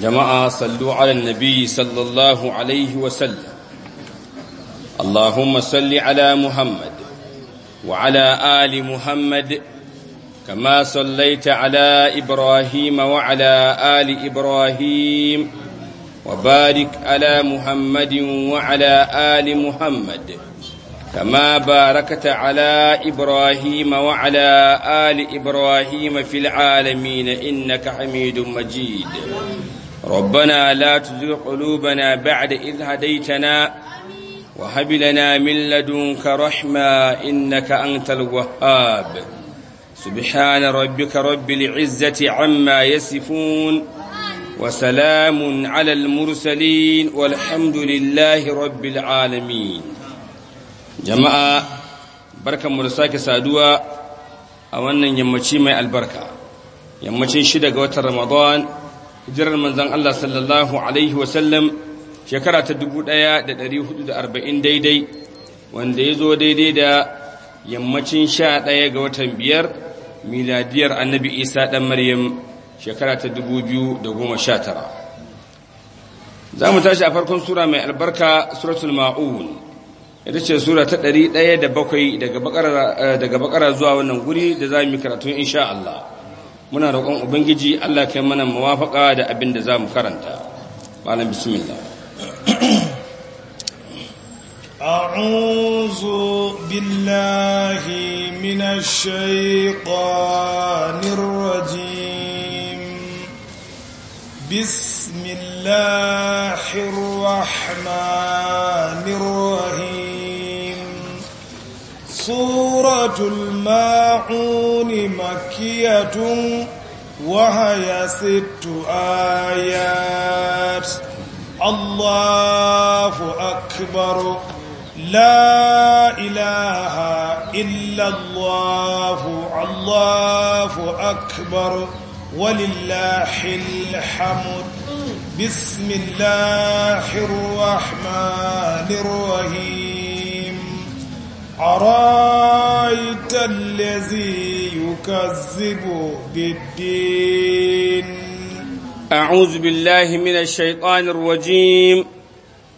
jama’a sallu ala nabi sallallahu alaihi wasallam Allahumma salli ala Muhammad wa ali Muhammad kama sallaita ala Ibrahim wa ali Ibrahim wa barik ala Muhammadin wa ali Muhammad kama barakata ala Ibrahim wa ali Ibrahim fil alamin innaka hamidun majid. Amen. ربنا لا تزغ قلوبنا بعد إذ هديتنا وهب لنا من لدنك رحمة إنك أنت الوهاب سبحان ربك رب العزة عما يصفون وسلام على المرسلين والحمد لله رب العالمين جماعة بركة مرساك سادوة أولا يمتشي مع البركة يمتشي شدق وتر رمضان hijirar manzon Allah sallallahu alaihi wasallam shekara ta 1440 daidai wanda ya zo daidai da yammacin sha ɗaya ga watan biyar miladiyar annabi isa ɗan maryam shekara ta 2019 za mu tashi a farkon sura mai albarka suratul ma'un ita ce sura ta ɗari ɗaya da bakwai daga bakara eh, zuwa wannan guri da za mu yi karatu insha Allah muna roƙon ubangiji Allah kai mana mawafaka da abin da za mu karanta malam bismillah a'udhu billahi minash shaitanir rahmanir rahim سورة الماعون مكية وهي ست آيات الله أكبر لا إله إلا الله الله أكبر ولله الحمد بسم الله الرحمن الرحيم أرأيت الذي يكذب بالدين أعوذ بالله من الشيطان الرجيم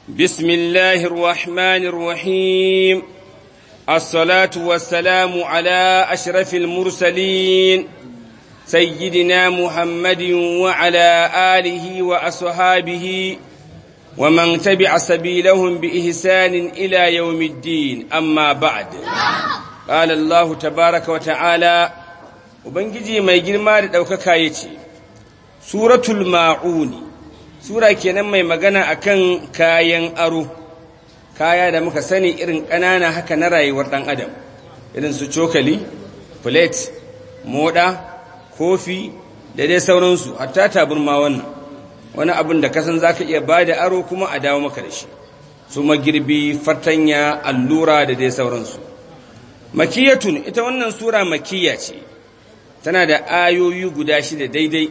بسم الله الرحمن الرحيم الصلاة والسلام على أشرف المرسلين سيدنا محمد وعلى آله وأصحابه ومن تبع سبيلهم بإحسان إلى يوم الدين أما بعد قال الله تبارك وتعالى وبنجي ما يجي ما دوكاكا كايتي سورة الماعون سورة كينان ما يمغانا أكن كاين أرو كايا دمك سني إرن أنانا ƙanana نراي وردان أدم إرن سوچوكالي irin مودا كوفي plate سورنسو حتى تابر ما sauransu wani abin da kasan za ka iya ba da aro kuma a dawo maka da shi su magirbi fatanya allura da dai sauransu makiyatun ita wannan sura makiya ce tana da ayoyi guda shida daidai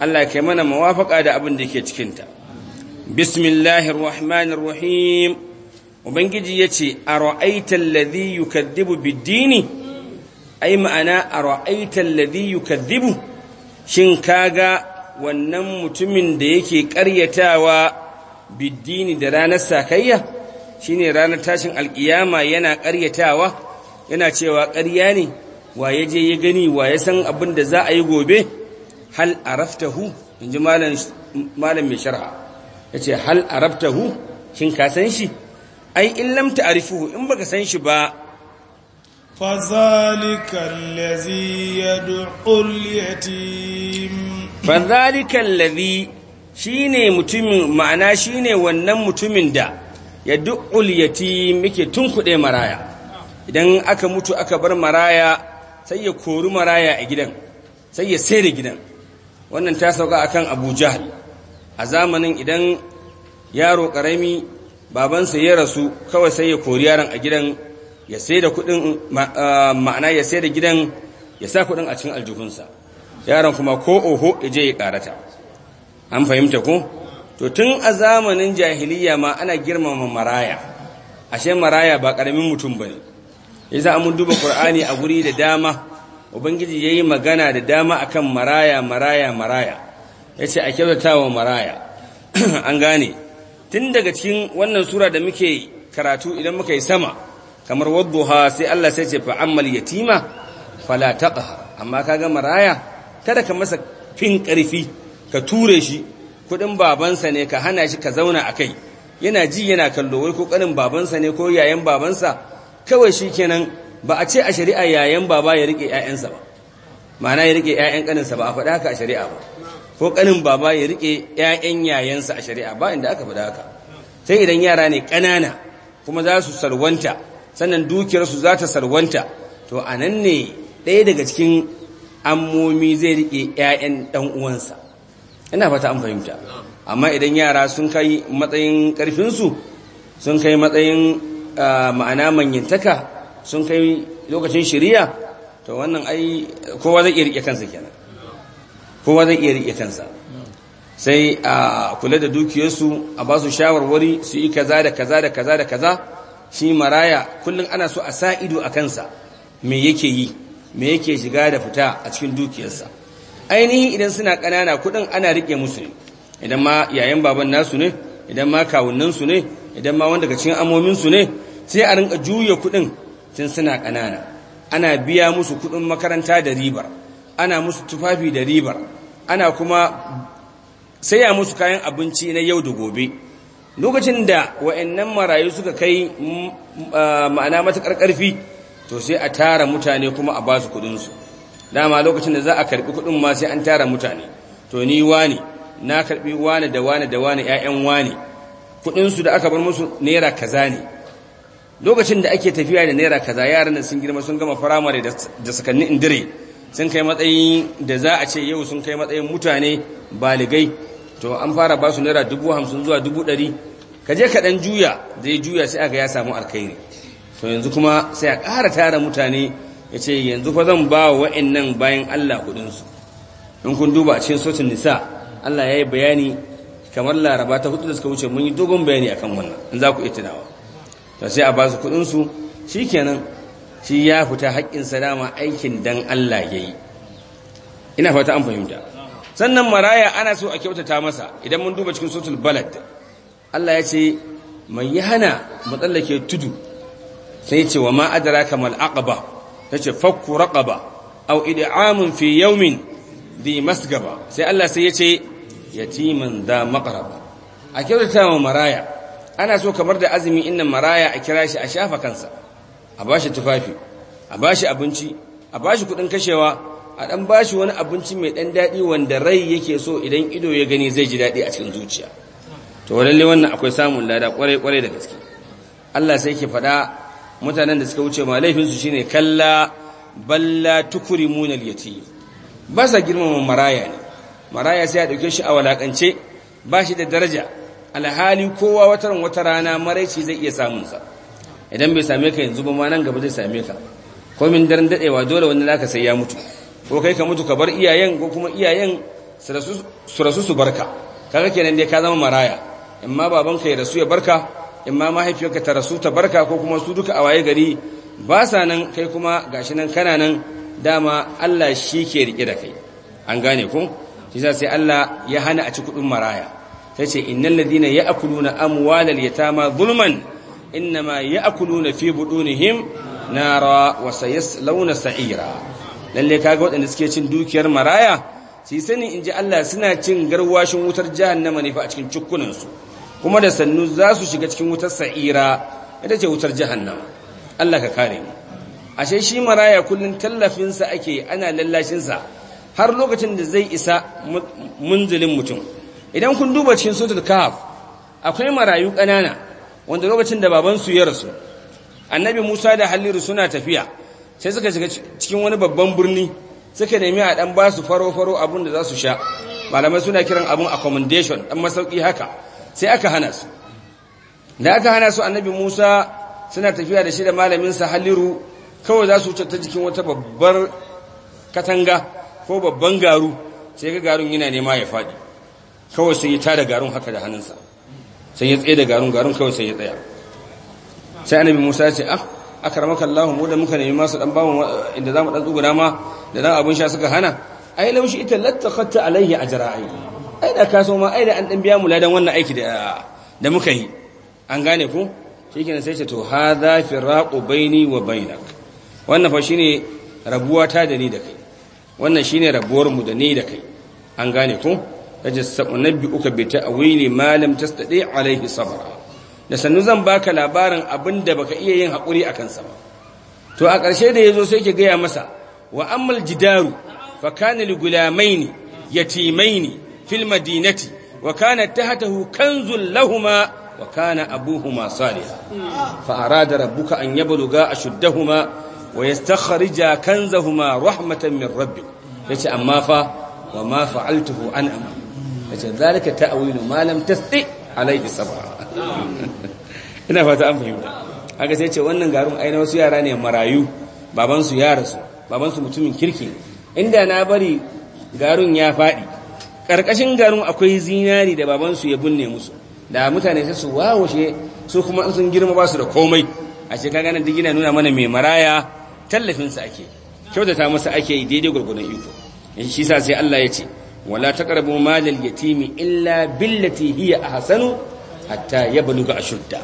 Allah kai mana mawafaka da abin da ke cikinta bismillahir rahmanir rahim ubangiji yace ara'aita lazi yukadhibu bid-dini ai ma'ana ara'aita alladhi yukadhibu shin ka ga? wannan mutumin da yake ƙaryatawa biddini da ranar sakayya shi ne ranar tashin alkiyama yana ƙaryatawa yana cewa karya ne wa ya je ya gani wa ya san abin da za a yi gobe hal raftahu in ji malam mai shara ya ce hal araftahu shin ka san shi ai in lamta a ta'rifuhu in baka san shi ba fazalika allazi yad'u yatim lazi shi ne mutumin ma'ana shi ne wannan mutumin da ya du'ul muke tun kuɗe maraya idan aka mutu aka bar maraya sai ya kori maraya a gidan sai ya sayar gidan wannan ta sauka a kan abuja a zamanin idan yaro karami babansa ya rasu kawai sai ya kori yaron a gidan ya sai da kuɗin ma'ana ya sai da gidan ya sa kuɗin a cikin aljihunsa yaron kuma ko oho ya je ya karata an fahimta ko to tun a zamanin jahiliya ma ana girmama maraya ashe maraya ba karamin mutum bane yasa an duba qur'ani a guri da dama ubangiji yayi magana da dama akan maraya maraya maraya yace a kyautatawa maraya an gane tun daga cikin wannan sura da muke karatu idan muka yi sama kamar wadduha sai Allah sai ce fa ammal yatima fala taqha amma kaga maraya kada ka masa fin ƙarfi ka ture shi kuɗin babansa ne ka hana shi ka zauna a kai yana ji yana kallo wai ko babansa ne ko yayan babansa kawai shi kenan ba a ce a shari'a yayan baba ya riƙe 'ya'yansa ba ma'ana ya riƙe 'ya'yan ƙaninsa ba a faɗa haka a shari'a ba ko ƙanin baba ya riƙe 'ya'yan yayansa a shari'a ba inda aka faɗa haka sai idan yara ne ƙanana kuma za su sarwanta sannan dukiyarsu za ta sarwanta to a nan ne ɗaya daga cikin ammomi zai rike ƴaƴan ɗan uwansa ina fata an fahimta amma idan yara sun kai matsayin karfin su sun kai matsayin ma'ana manyantaka sun kai lokacin shiriya to wannan ai kowa zai rike kansa kenan kowa zai rike kansa sai a kula da dukiyarsu a ba su shawarwari su yi kaza da kaza da kaza da kaza shi maraya kullum ana so a sa ido a kansa me yake yi me yake shiga da fita a cikin dukiyarsa ainihin idan suna ƙanana kuɗin ana riƙe musu ne idan ma yayan baban nasu ne idan ma kawunansu ne idan ma wanda daga cikin amominsu ne sai a rinka juya kuɗin tun suna ƙanana ana biya musu kuɗin makaranta da ribar ana musu tufafi da ribar ana kuma saya musu kayan abinci na yau da gobe lokacin da wa'annan marayu suka kai mm, ah, ma'ana matuƙar ƙarfi to sai a tara mutane kuma a ba su kudinsu dama lokacin da za a karbi kudin ma sai an tara mutane to ni wani na karbi wani da wani da wani ƴaƴan wani kudinsu da aka bar musu naira kaza ne lokacin da ake tafiya da naira kaza yaran nan sun girma sun gama firamare da sakanni indire sun kai matsayin da za a ce yau sun kai matsayin mutane baligai to an fara ba su naira dubu hamsin zuwa dubu ɗari ka je ka ɗan juya zai juya sai aka ya samu alkhairi to yanzu kuma sai a ƙara tara mutane ya ce yanzu fa zan ba wa bayan Allah kuɗinsu in kun duba a cikin sotin nisa Allah ya yi bayani kamar laraba ta hudu da suka wuce mun yi dogon bayani akan wannan in za ku iya tunawa to sai a ba su kuɗinsu shi kenan shi ya fita haƙƙin salama aikin dan Allah ya yi ina fata an fahimta sannan maraya ana so a kyautata masa idan mun duba cikin sotul balad Allah ya ce mai yi hana matsalake tudu sai ce wa ma'adara adraka mal ta tace fakku raqaba aw id'amun fi yawmin di masgaba sai Allah sai yace yatiman da maqraba a kyautata wa maraya ana so kamar da azumi inna maraya a kira shi a shafa kansa a bashi tufafi a bashi abinci a bashi kudin kashewa a dan bashi wani abinci mai dan daɗi wanda rai yake so idan ido ya gani zai ji daɗi a cikin zuciya to lalle wannan akwai samun lada kwarai kwarai da gaske Allah sai yake faɗa mutanen da suka wuce ma laifinsu shine kalla balla tukuri munal yati ba sa girmama maraya ne maraya sai a dauke shi a walakance ba shi da daraja alhali kowa wata wata rana maraici zai iya samun sa idan bai same ka yanzu ba ma nan gaba zai same ka Ko min daren dadewa dole wanda zaka sai ya mutu ko kai ka mutu ka bar iyayen ko kuma iyayen su rasu su barka kaga kenan dai ka zama maraya amma babanka ya rasu ya barka in ma mahaifiyarka ta rasu ta barka ko kuma su duka a waye gari ba sa nan kai kuma gashi nan kana nan dama Allah shi ke rike da kai an gane ku shi sai Allah ya hana a ci kudin maraya sai ce innal ladina ya'kuluna amwalal yatama zulman innama ya'kuluna fi budunihim nara wa sayaslawna sa'ira lalle kaga waɗanda suke cin dukiyar maraya sai sani inji Allah suna cin garwashin wutar jahannama ne fa a cikin cukkunansu kuma da sannu za su shiga cikin wutar sa'ira ita ce wutar jahannama Allah ka kare mu ashe shi maraya kullum tallafinsa ake ana lallashinsa har lokacin da zai isa munzulin mutum idan kun duba cikin suratul kaf akwai marayu ƙanana wanda lokacin da babansu ya rasu annabi Musa da Haliru suna tafiya sai suka shiga cikin wani babban birni suka nemi a dan su faro-faro abun da za su sha malamai suna kiran abun accommodation dan masauki haka sai aka hana su da aka hana su annabi Musa suna tafiya da shi da malamin sa Haliru kawai za su wuce ta jikin wata babbar katanga ko babban garu sai ga garun yana nema ya fadi kawai sai ya tada garun haka da hannunsa sai ya tsaye da garun garun kawai sai ya tsaya sai annabi Musa ya ce ah akramaka Allahu mu da muka nemi masu dan bawon inda zamu dan tsugura ma da dan abun sha suka hana ai laushi ita lattaqatta alaihi ajra'i ai da kaso ma ai da an dan biya mu ladan wannan aiki da da muka yi an gane ko shikenan sai ce to hadha firaqu baini wa bainak wannan fa shine rabuwa ta da ni da kai wannan shine rabuwar mu da ni da kai an gane ko kaje sabunabbi uka bi ta awili malam tastadi alaihi sabra da sannu zan baka labarin abinda baka iya yin haƙuri a kansa ba to a ƙarshe da ya zo sai ke gaya masa wa ammal jidaru fa kana li gulamaini yatimaini fil madinati wa kana tahtahu kanzul lahuma wa kana abuhuma salih fa arada rabbuka an yace amma fa wa ma fa'altuhu an amma yace zalika ta'wilu ina fata an fahimta haka sai yace wannan garin aina wasu yara ne marayu babansu ya rasu babansu mutumin kirki inda na bari garin ya fadi ƙarƙashin garin akwai zinari da babansu ya binne musu da mutane sai su wawashe su kuma sun girma ba su da komai a ce kaga nan nuna mana mai maraya tallafinsa ake kyautata masa ake yi daidai gwargwadon iko In eh, shi sa sai Allah ya ce wala taqrabu malal yatimi illa billati hiya ahsanu hatta yabluga ashudda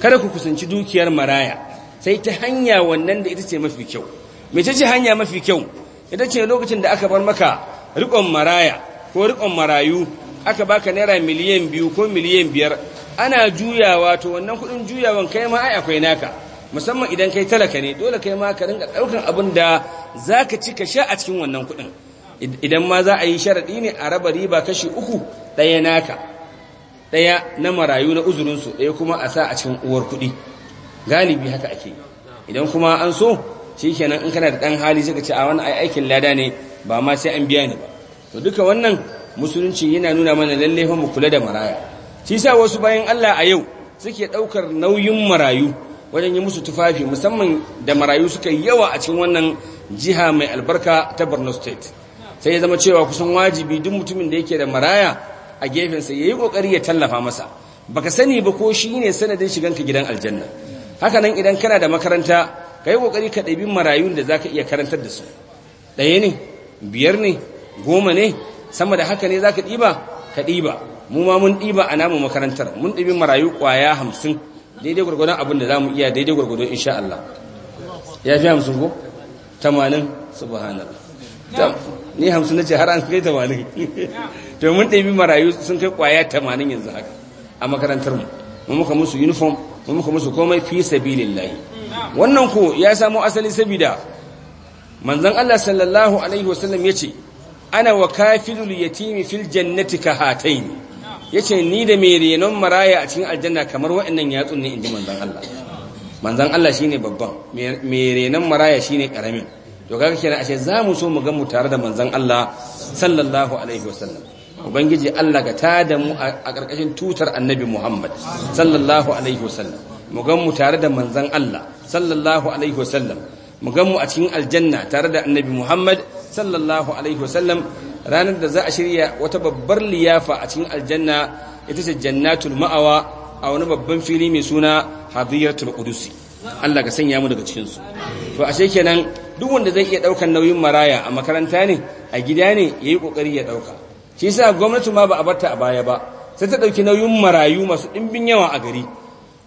kada ku kusanci dukiyar maraya sai ta hanya wannan da ita ce mafi kyau me ce hanya mafi kyau ita ce lokacin da aka bar maka riƙon maraya ko riƙon marayu aka baka naira miliyan biyu ko miliyan biyar ana juyawa to wannan kuɗin juyawan kai ma ai akwai naka musamman idan kai talaka ne dole kai ma ka ringa ɗaukan abin da za ka ci ka sha a cikin wannan kuɗin idan ma za a yi sharaɗi ne a raba riba kashi uku ɗaya naka ɗaya na marayu na uzurinsu ɗaya kuma a sa a cikin uwar kuɗi galibi haka ake idan kuma an so shi kenan in kana da ɗan hali suka ce a wani aikin lada ne ba ma sai an biya ni ba to duka wannan musulunci yana nuna mana lalle fa mu kula da maraya shi sa wasu bayan Allah a yau suke daukar nauyin marayu wajen yi musu tufafi musamman da marayu suka yawa a cikin wannan jiha mai albarka ta Borno State sai ya zama cewa kusan wajibi duk mutumin da yake da maraya a gefen sa yayi kokari ya tallafa masa baka sani ba ko shi ne sanadin ka gidan aljanna haka nan idan kana da makaranta kai yi ƙoƙari ka ɗabi marayun da zaka ka iya karantar da su ɗaya ne biyar ne goma ne sama da haka ne za ka ɗiba ka ɗiba mu ma mun ɗiba a namu makarantar mun ɗibi marayu ƙwaya hamsin daidai gwargwadon abin da za mu iya daidai gwargwadon insha Allah ya fi hamsin ko tamanin subhanallah ni hamsin na ce har an kai tamanin to mun ɗabi marayu sun kai ƙwaya tamanin yanzu haka a makarantar mu mu muka musu uniform mu muka musu komai fi sabilillahi wannan ko ya samo asali sabida manzon Allah sallallahu alaihi wasallam ce. ana wa kafilul yatimi fil jannati ka hataini yace ni da mai renon maraya a cikin aljanna kamar waɗannan yatsun ne inji manzon Allah manzon Allah shine babban mai renon maraya shine karamin to kaga kenan ashe zamu so mu ga mu tare da manzon Allah sallallahu alaihi wasallam ubangiji Allah ka tada mu a karkashin tutar annabi Muhammad sallallahu alaihi wasallam mu ga mu tare da manzon Allah sallallahu alaihi wasallam mu ga mu a cikin aljanna tare da annabi Muhammad sallallahu alaihi wasallam ranar da za a shirya wata babbar liyafa a cikin aljanna ita ce jannatul ma'awa a wani babban fili mai suna hadiyatul qudusi Allah ka sanya mu daga cikin su to ashe kenan duk wanda zai iya daukan nauyin maraya a makaranta ne a gida ne yayi kokari ya dauka shi yasa gwamnati ma ba a barta a baya ba sai ta ɗauki nauyin marayu masu ɗimbin yawa a gari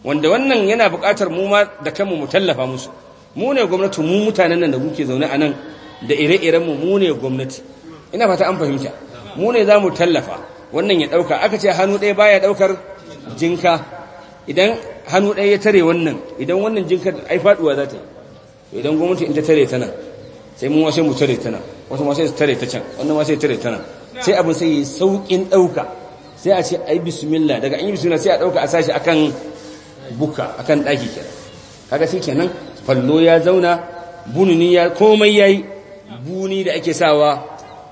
wanda wannan yana buƙatar mu ma da kanmu mu tallafa musu mu ne gwamnati mu mutanen nan da muke zaune a nan da ire-iren mu mu ne gwamnati ina fata an fahimta mu ne za mu tallafa wannan ya ɗauka aka ce hannu ɗaya baya ɗaukar jinka idan hannu ɗaya ya tare wannan idan wannan jinkar ai faɗuwa za ta yi idan gwamnati in ta tare ta nan sai mun wasai mu tare ta nan wasu ma sai su tare ta can wannan ma sai tare ta nan sai abin sai yi sauƙin ɗauka sai a ce ai bismillah daga an yi bismillah sai a ɗauka a sashi akan buka akan ɗaki kenan kaga shi kenan fallo ya zauna bununi ya komai yayi buni da ake sawa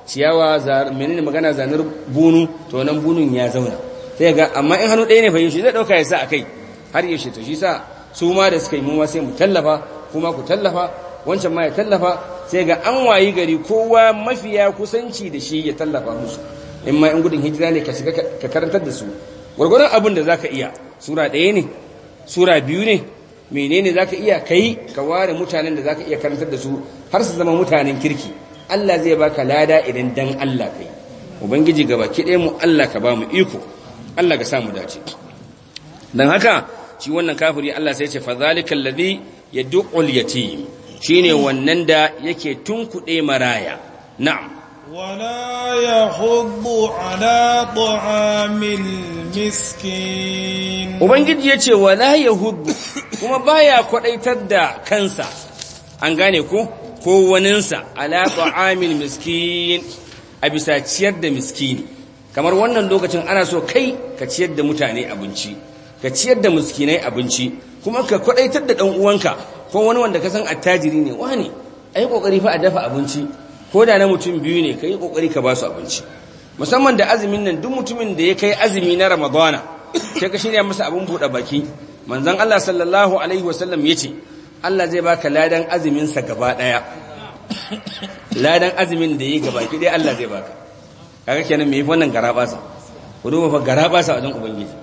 ciyawa menene magana zanar bunu to nan bunun ya zauna sai ga amma in hannu ɗaya ne fa yaushe zai ɗauka ya sa a kai har yaushe to shi sa su ma da suka yi mu sai mu tallafa kuma ku tallafa wancan ma ya tallafa sai ga an wayi gari kowa mafiya kusanci da shi ya tallafa musu in ma in gudun hijira ne ka shiga ka karantar da su gwargwaron abin da zaka iya sura ɗaya ne sura biyu ne menene zaka iya kai ka ware mutanen da zaka iya karantar da su har su zama mutanen kirki Allah zai baka lada idan dan Allah kai ubangiji gaba ki dai mu Allah ka ba mu iko Allah ka sa mu dace dan haka shi wannan kafiri Allah sai ya ce fa zalikal ladhi yad'ul yatim shine wannan da yake tunkuɗe maraya na'am ولا يحض ala ta'amil miskin ubangiji yace wala yahud kuma baya kwadaitar da kansa an gane ko ko waninsa ala miskin a bisa ciyar da miskini kamar wannan lokacin ana so kai ka ciyar da mutane abinci ka ciyar da muskinai abinci kuma ka kwadaitar da ɗan'uwanka uwanka ko wani wanda ka san attajiri ne wani A yi ƙoƙari fa a dafa abinci ko da na mutum biyu ne ka yi ƙoƙari ka ba su abinci musamman da azumin nan duk mutumin da ya kai azumi na ramadana sai ka shirya masa abin buɗe baki manzon Allah sallallahu alaihi wasallam ce. Allah zai baka ladan sa gaba daya ladan azumin da yi gaba ki dai Allah zai baka kaga kenan me yi wannan sa ku duba fa garabasa wajen ubangiji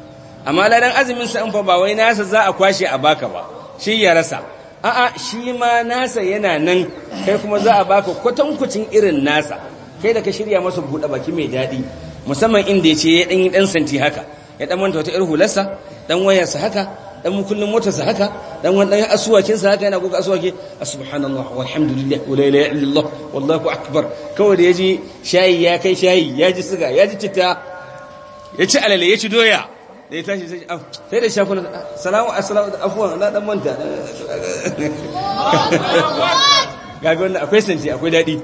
amma ladan azumin sa in fa ba wai nasa za a kwashe a baka ba shi ya rasa a'a shi ma nasa yana nan kai kuma za a baka kwatankucin irin nasa kai da ka shirya masa buɗe baki mai daɗi musamman inda ya ce ya ɗan yi ɗan santi haka ya ɗan manta wata irhu lassa ɗan wayarsa haka dan mukullin motarsa haka dan wani dan asuwakin sa haka yana goga asuwake subhanallahi walhamdulillah wala ilaha illallah wallahu akbar kawai da yaji shayi ya kai shayi yaji siga yaji citta yaci alale yaci doya da ya tashi sai ah, sai da shafuna salamu assalamu afwan na dan manta ga ga wannan akwai santi akwai dadi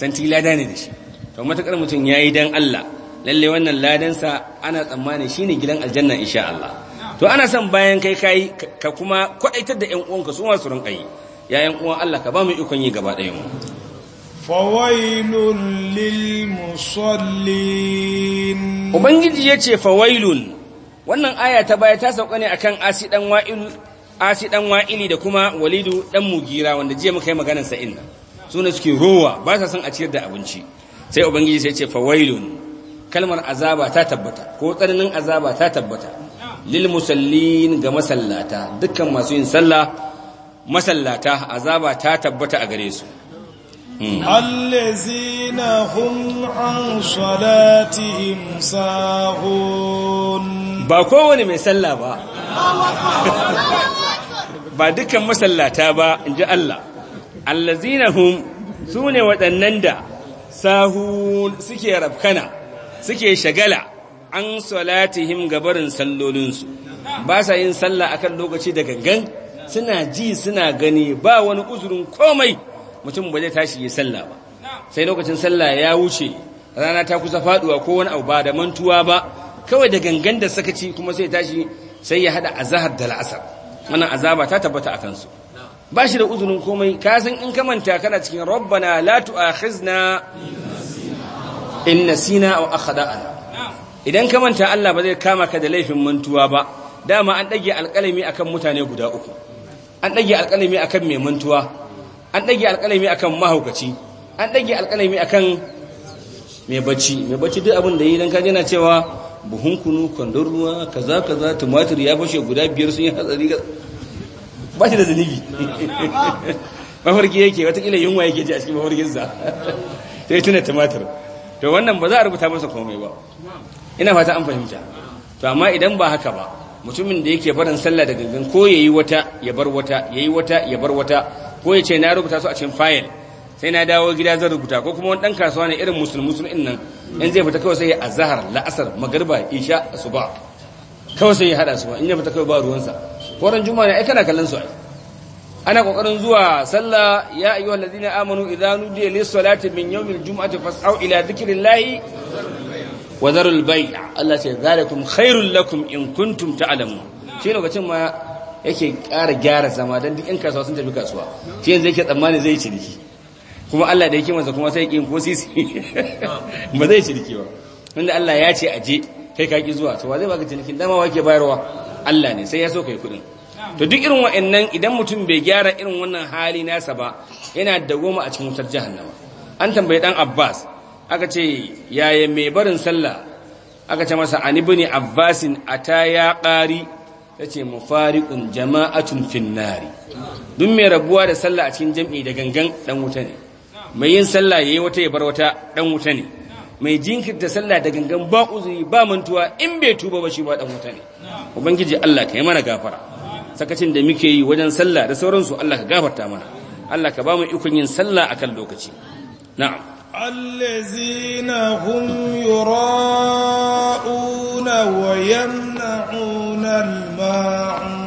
santi lada ne da shi to matakar mutun yayi dan Allah lalle wannan ladansa ana tsammani shine gidan aljanna insha Allah to ana son bayan kai kai ka kuma kwa'itar da 'yan uwanka su masu su yi ya 'yan uwan Allah ka ba mu ikon yi gaba ɗayan mu fawailun lil musallin ubangiji yace fawailun wannan aya ta baya ta sauka ne akan asi dan wa'il asi dan wa'ili da kuma walidu dan mugira wanda jiya muka yi maganar sa inna sune suke rowa ba sa son a ciyar da abinci sai ubangiji sai ya ce fawailun kalmar azaba ta tabbata ko tsananin azaba ta tabbata lil musallin ga masallata dukkan masu yin sallah masallata azaba ta tabbata a gare su hmm. allazina hum an salatihim sahun ba kowane mai sallah ba ba dukkan masallata ba in ji Allah allazina hum sune ne waɗannan da sahun suke rafkana suke shagala an salatihim gabarin sallolinsu ba sa yin sallah akan lokaci da gangan suna ji suna gani ba wani uzurin komai mutum ba zai tashi yi sallah ba sai lokacin sallah ya wuce rana ta kusa faduwa ko wani abu ba da mantuwa ba kawai da gangan da sakaci kuma sai tashi sai ya hada azahar da la'asar wannan azaba ta tabbata akan su ba shi da uzurin komai ka san in ka manta kana cikin rabbana la tu'akhizna in nasina aw akhda'ana idan ka manta Allah ba zai kama ka da laifin mantuwa ba dama an dage alƙalami akan mutane guda uku an dage alƙalami akan mai mantuwa an dage alƙalami akan mahaukaci an dage alƙalami akan mai bacci mai bacci duk abin da yi dan ka na cewa buhun kunu kwandon ruwa kaza kaza tumatir ya fashe guda biyar sun yi hatsari ba shi da zunubi mafarki yake watakila yunwa yake ji a cikin mafarkinsa sai tuna tumatir to wannan ba za a rubuta masa komai ba ina fata an fahimta to amma idan ba haka ba mutumin da yake barin sallah da gangan ko yayi wata ya bar wata yayi wata ya bar wata ko ya ce na rubuta su a cikin fayil sai na dawo gida zan rubuta ko kuma wani dan kasuwa ne irin musulmi musulmin nan in zai fita kawai sai ya azhar la'asar magriba isha asuba kawai sai ya hada su in ya fita kawai ba ruwansa ko ran juma'a ne ai kana kallon su ai ana kokarin zuwa sallah ya ayyuhallazina amanu idza nudiya lis-salati min yawmil jum'ati fas'au ila dhikrillahi wa zarul Allah ce zalakum khairul lakum in kuntum ta'lamun shi lokacin ma yake ƙara gyara zama dan duk in kasuwa sun tafi kasuwa shi yanzu yake tsammani zai ciniki kuma Allah da yake masa kuma sai yake ko sisi ba zai ciniki ba Wanda Allah ya ce aje kai ka ki zuwa to wa zai baka cinikin dama wake bayarwa Allah ne sai ya so kai kudin to duk irin wa'annan idan mutum bai gyara irin wannan hali nasa ba yana dagoma a cikin wutar jahannama an tambayi dan Abbas aka ce yaya mai barin sallah aka ce masa an ibn abbasin ta ya qari yace mufariqun jama'atun finnari duk mai rabuwa da sallah a cikin jam'i da gangan dan wuta ne mai yin sallah yayi wata ya bar wata dan wuta ne mai jinkirta sallah da gangan ba uzuri ba mantuwa in bai tuba ba shi ba dan wuta ne ubangiji Allah ka yi mana gafara sakacin da muke yi wajen sallah da sauransu Allah ka gafarta mana Allah ka ba mu ikon yin sallah akan lokaci na'am الذين هم يراءون ويمنعون الماعون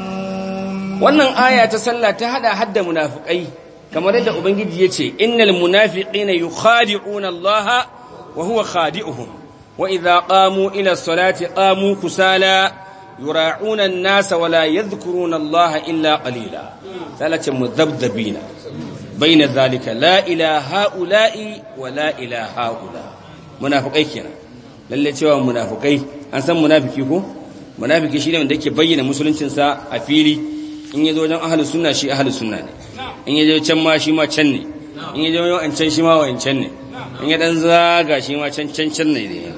wannan aya ta sallah ta hada hadda munafikai kamar yadda ubangiji yace innal munafiqina yukhadi'una Allah wa huwa khadi'uhum wa idha qamu ila salati qamu kusala yura'una an-nasa wa la yadhkuruna Allah illa qalila salatin mudhabdabina baina zalika la ila haula'i wa la ila haula munafikai kenan lalle cewa munafikai an san munafiki ko munafiki shine wanda yake bayyana musuluncin sa a fili in yazo wajen ahlus sunna shi ahlus sunna ne in yazo can ma shi ma can ne in yazo wajen can shi ma can ne in ya dan zaga shi ma can can can ne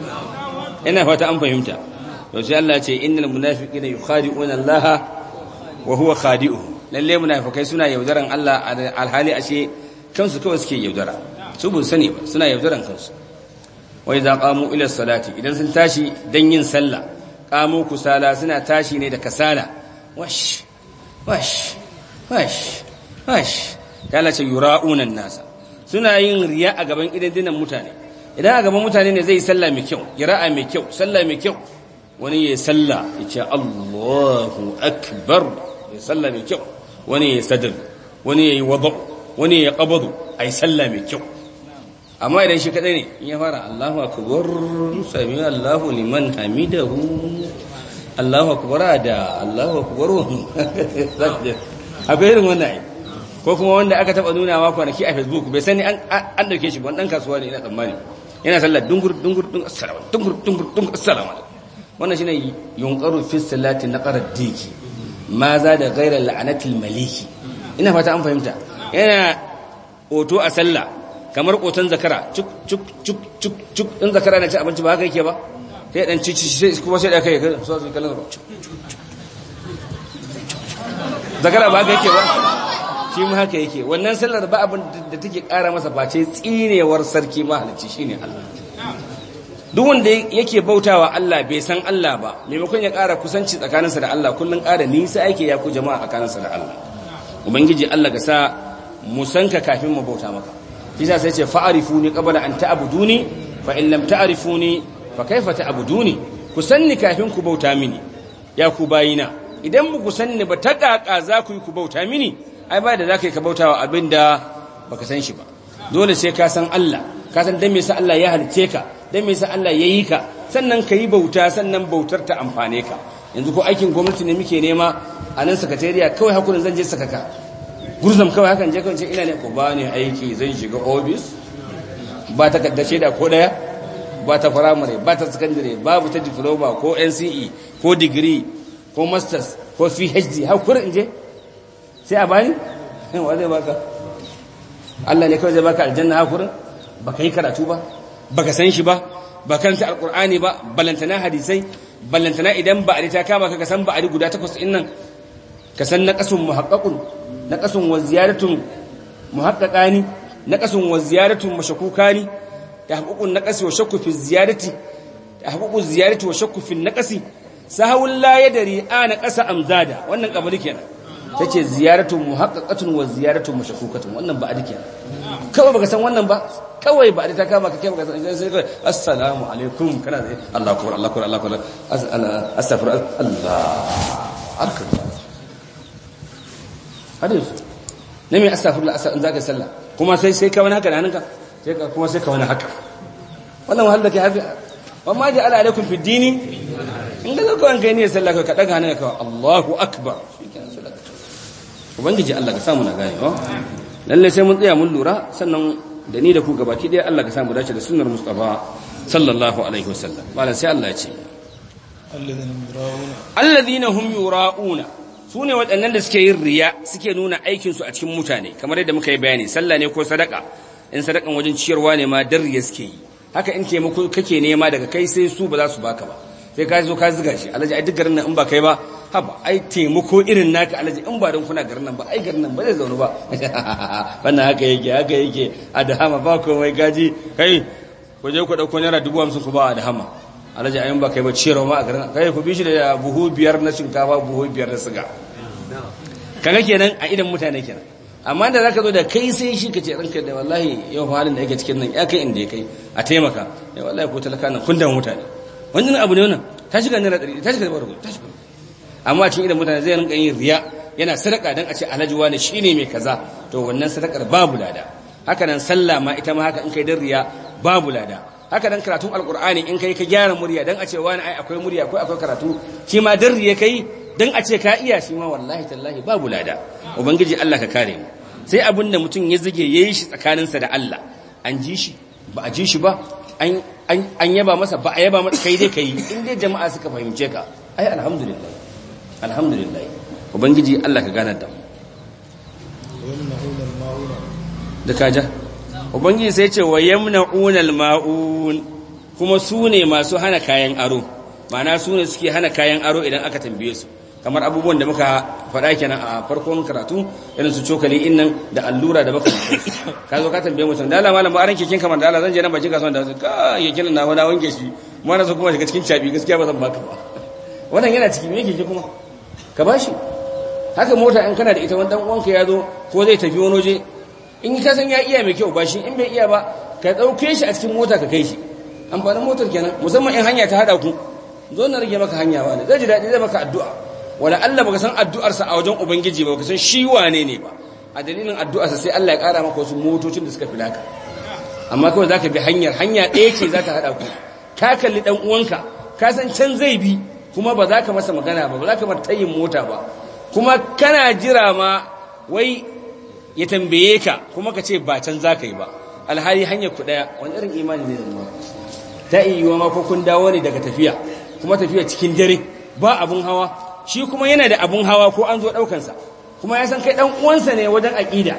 ina fata an fahimta to sai Allah ya ce innal munafiqina yukhadi'una Allah wa huwa khadi'uhum lalle munafikai suna yaudaran Allah alhali ashe kansu kawai suke yaudara su bu sani ba suna yaudaran kansu wai za qamu ila salati idan sun tashi dan yin sallah qamu kusala suna tashi ne da kasala wash wash wash wash dalace yura'una nasa suna yin riya a gaban idandunan mutane idan a gaban mutane ne zai yi sallah mai kyau yara'a mai kyau sallah mai kyau wani ya yi sallah ya ce Allahu akbar ya sallah mai kyau wani ya sadr wani ya yi wada wani ya qabadu ai sallah mai kyau amma idan shi kadai ne in ya fara Allahu akbar sami Allahu liman hamidahu Allahu akbar da Allahu akbar a bayin wannan ko kuma wanda aka taba nuna wa kwanaki a Facebook bai sani an an dauke shi ban dan kasuwa ne ina tsammani yana sallar dungur dungur dungur assalamu dungur dungur dungur assalamu wannan shine yunqaru fi salati naqara diki ma za da gairar la'anatul maliki ina fata an fahimta yana oto a sallah kamar oton zakara cuk cuk cuk cuk cuk in zakara na ci abinci ba haka yake ba sai dan ci sai kuma sai da kai so su kallon zakara ba haka yake ba shi mu haka yake wannan sallar ba abin da take kara masa face tsinewar sarki mahalicci shine Allah duk wanda yake bautawa Allah bai san Allah ba maimakon ya kara kusanci tsakaninsa da Allah kullum ƙara nisa ake ya ku jama'a tsakaninsa da Allah ubangiji Allah ga sa mu san ka kafin mu bauta maka shi sai ce fa'arifuni qabla an ta'buduni fa in lam ta'rifuni fa kaifa ta'buduni ku sanni kafin ku bauta mini ya ku bayina idan ku sanni ba ta kaka za ku yi ku bauta mini ai ba da za ka yi ka bautawa abinda da baka san shi ba dole sai ka san Allah ka san dan me sai Allah ya halice ka dan mai sa Allah ya yi ka sannan ka yi bauta sannan bautar ta amfane ka yanzu ko aikin gwamnati ne muke nema a nan sakatariya kawai hakurin zan je sakaka gurzam kawai hakan je kawai ce ina ne ko ba ne aiki zan shiga ofis ba ta kaddace da ko daya ba ta firamare ba ta sakandare babu ta diploma ko nce ko digiri ko masters ko phd hakurin je sai a bani wa zai baka Allah ne kawai zai baka aljanna hakurin ka yi karatu ba baka san shi ba ba ta alkur'ani ba balantana hadisai balantana idan ba a ta kama ka san ba a guda takwas din nan ka san muhaƙaƙun muhaqqaqun naqasun wa ziyaratun muhaqqaqani naqasun wa ziyaratun mashkukani tahqiqun naqasi wa shakku fi ziyarati tahqiqu ziyarati wa shakku fi naqasi sahawun la ri'a na ƙasa amzada wannan kabari kenan tace ziyaratu muhaqqaqatun wa ziyaratu mashkukatun wannan ba adike kawai baka san wannan ba kawai ba ta kama ka kai baka san assalamu alaikum kana zai Allahu akbar Allahu akbar Allahu akbar astaghfir Allah akbar hadis ne mai astaghfirullah in zaka sallah kuma sai sai ka wani haka nan ka sai ka kuma sai ka wani haka wannan wahal da ke hafi amma ala alaikum fi dini in ga zaka kai ne sallah ka daga hannunka Allahu akbar ubangiji Allah ka samu na wa. Oh. lalle sai mun tsaya mun lura sannan da ni da ku gabaki ɗaya Allah ka samu dace da sunnar Mustapha sallallahu alaihi wasallam malam sai Allah ya ce alladhina hum yura'una sune waɗannan da suke yin riya suke nuna aikin su a cikin mutane kamar yadda muka yi bayani sallah ne ko sadaka in sadakan wajen ciyarwa ne ma dan riya suke yi haka in taimako kake nema daga kai sai su ba za su baka ba sai ka zo ka ziga shi alhaji ai duk garin nan in ba kai ba haba ai taimako irin naka alaji in ba don kuna garin nan ba ai garin nan ba zai zauna ba wannan haka yake haka yake a dahama ba komai gaji kai ku je ku dauko naira dubu hamsin ku ba a dahama alaji ayin ba kai ba ciyarwa ma a garin kai ku bi shi da buhu biyar na shinkafa buhu biyar na siga kaga kenan a idan mutane kenan amma da zaka zo da kai sai shi kace ranka da wallahi yau halin da yake cikin nan ya kai inda ya kai a taimaka wallahi ko talaka nan kun da mutane wannan abu ne wannan ta shiga naira 100 ta shiga barko ta shiga amma cikin idan mutane zai rinka yin riya yana sadaka dan a ce alhaji wani shine mai kaza to wannan sadakar babu lada haka nan sallah ma ita ma haka in kai dan riya babu lada haka nan karatun alqur'ani in kai ka gyara murya dan a ce wani ai akwai murya akwai akwai karatu shi ma dan riya kai dan a ce ka iya shi ma wallahi tallahi babu lada ubangiji Allah ka kare mu sai abin mutum ya zige yayi shi sa da Allah an ji shi ba a ji shi ba an yaba masa ba a yaba masa kai dai kai in dai jama'a suka fahimce ka ai alhamdulillah alhamdulillah ubangiji Allah ka ganar da mu da ja ubangiji sai ce wa yamna'una alma'un kuma su ne masu hana kayan aro ma'ana su ne suke hana kayan aro idan aka tambaye su kamar abubuwan da muka faɗa kenan a farkon karatu irin su cokali innan da allura da baka ka zo ka tambaye mutum da Allah malam ba aran kekin kamar da Allah zan je nan bakin son da ka kekin na wani wanke shi mana na kuma shiga cikin cabi gaskiya ba zan baka ba wannan yana cikin me kike kuma ka ba shi haka mota in kana da ita wanda uwanka ya zo ko zai tafi wani waje in ka san ya iya mai kyau ba shi in bai iya ba ka ɗauke shi a cikin mota ka kai shi amfanin motar kenan musamman in hanya ta hada ku zo na rage maka hanya ba ne zai ji daɗi zai maka addu'a wala Allah baka san addu'arsa a wajen ubangiji ba baka san shi wane ne ba a dalilin addu'arsa sai Allah ya ƙara maka wasu motocin da suka fi naka amma kawai zaka bi hanyar hanya ɗaya ce zaka hada ku ka kalli ɗan uwanka ka san can zai bi kuma ba za ka masa magana ba ba za ka martayin mota ba kuma kana jira ma wai ya tambaye ka kuma ka ce ba can za ka yi ba alhali hanyar ku ɗaya wani irin imanin ne zama ta iya ma ko kun dawo ne daga tafiya kuma tafiya cikin dare ba abun hawa shi kuma yana da abun hawa ko an zo ɗaukansa kuma ya san kai ɗan uwansa ne wajen aƙida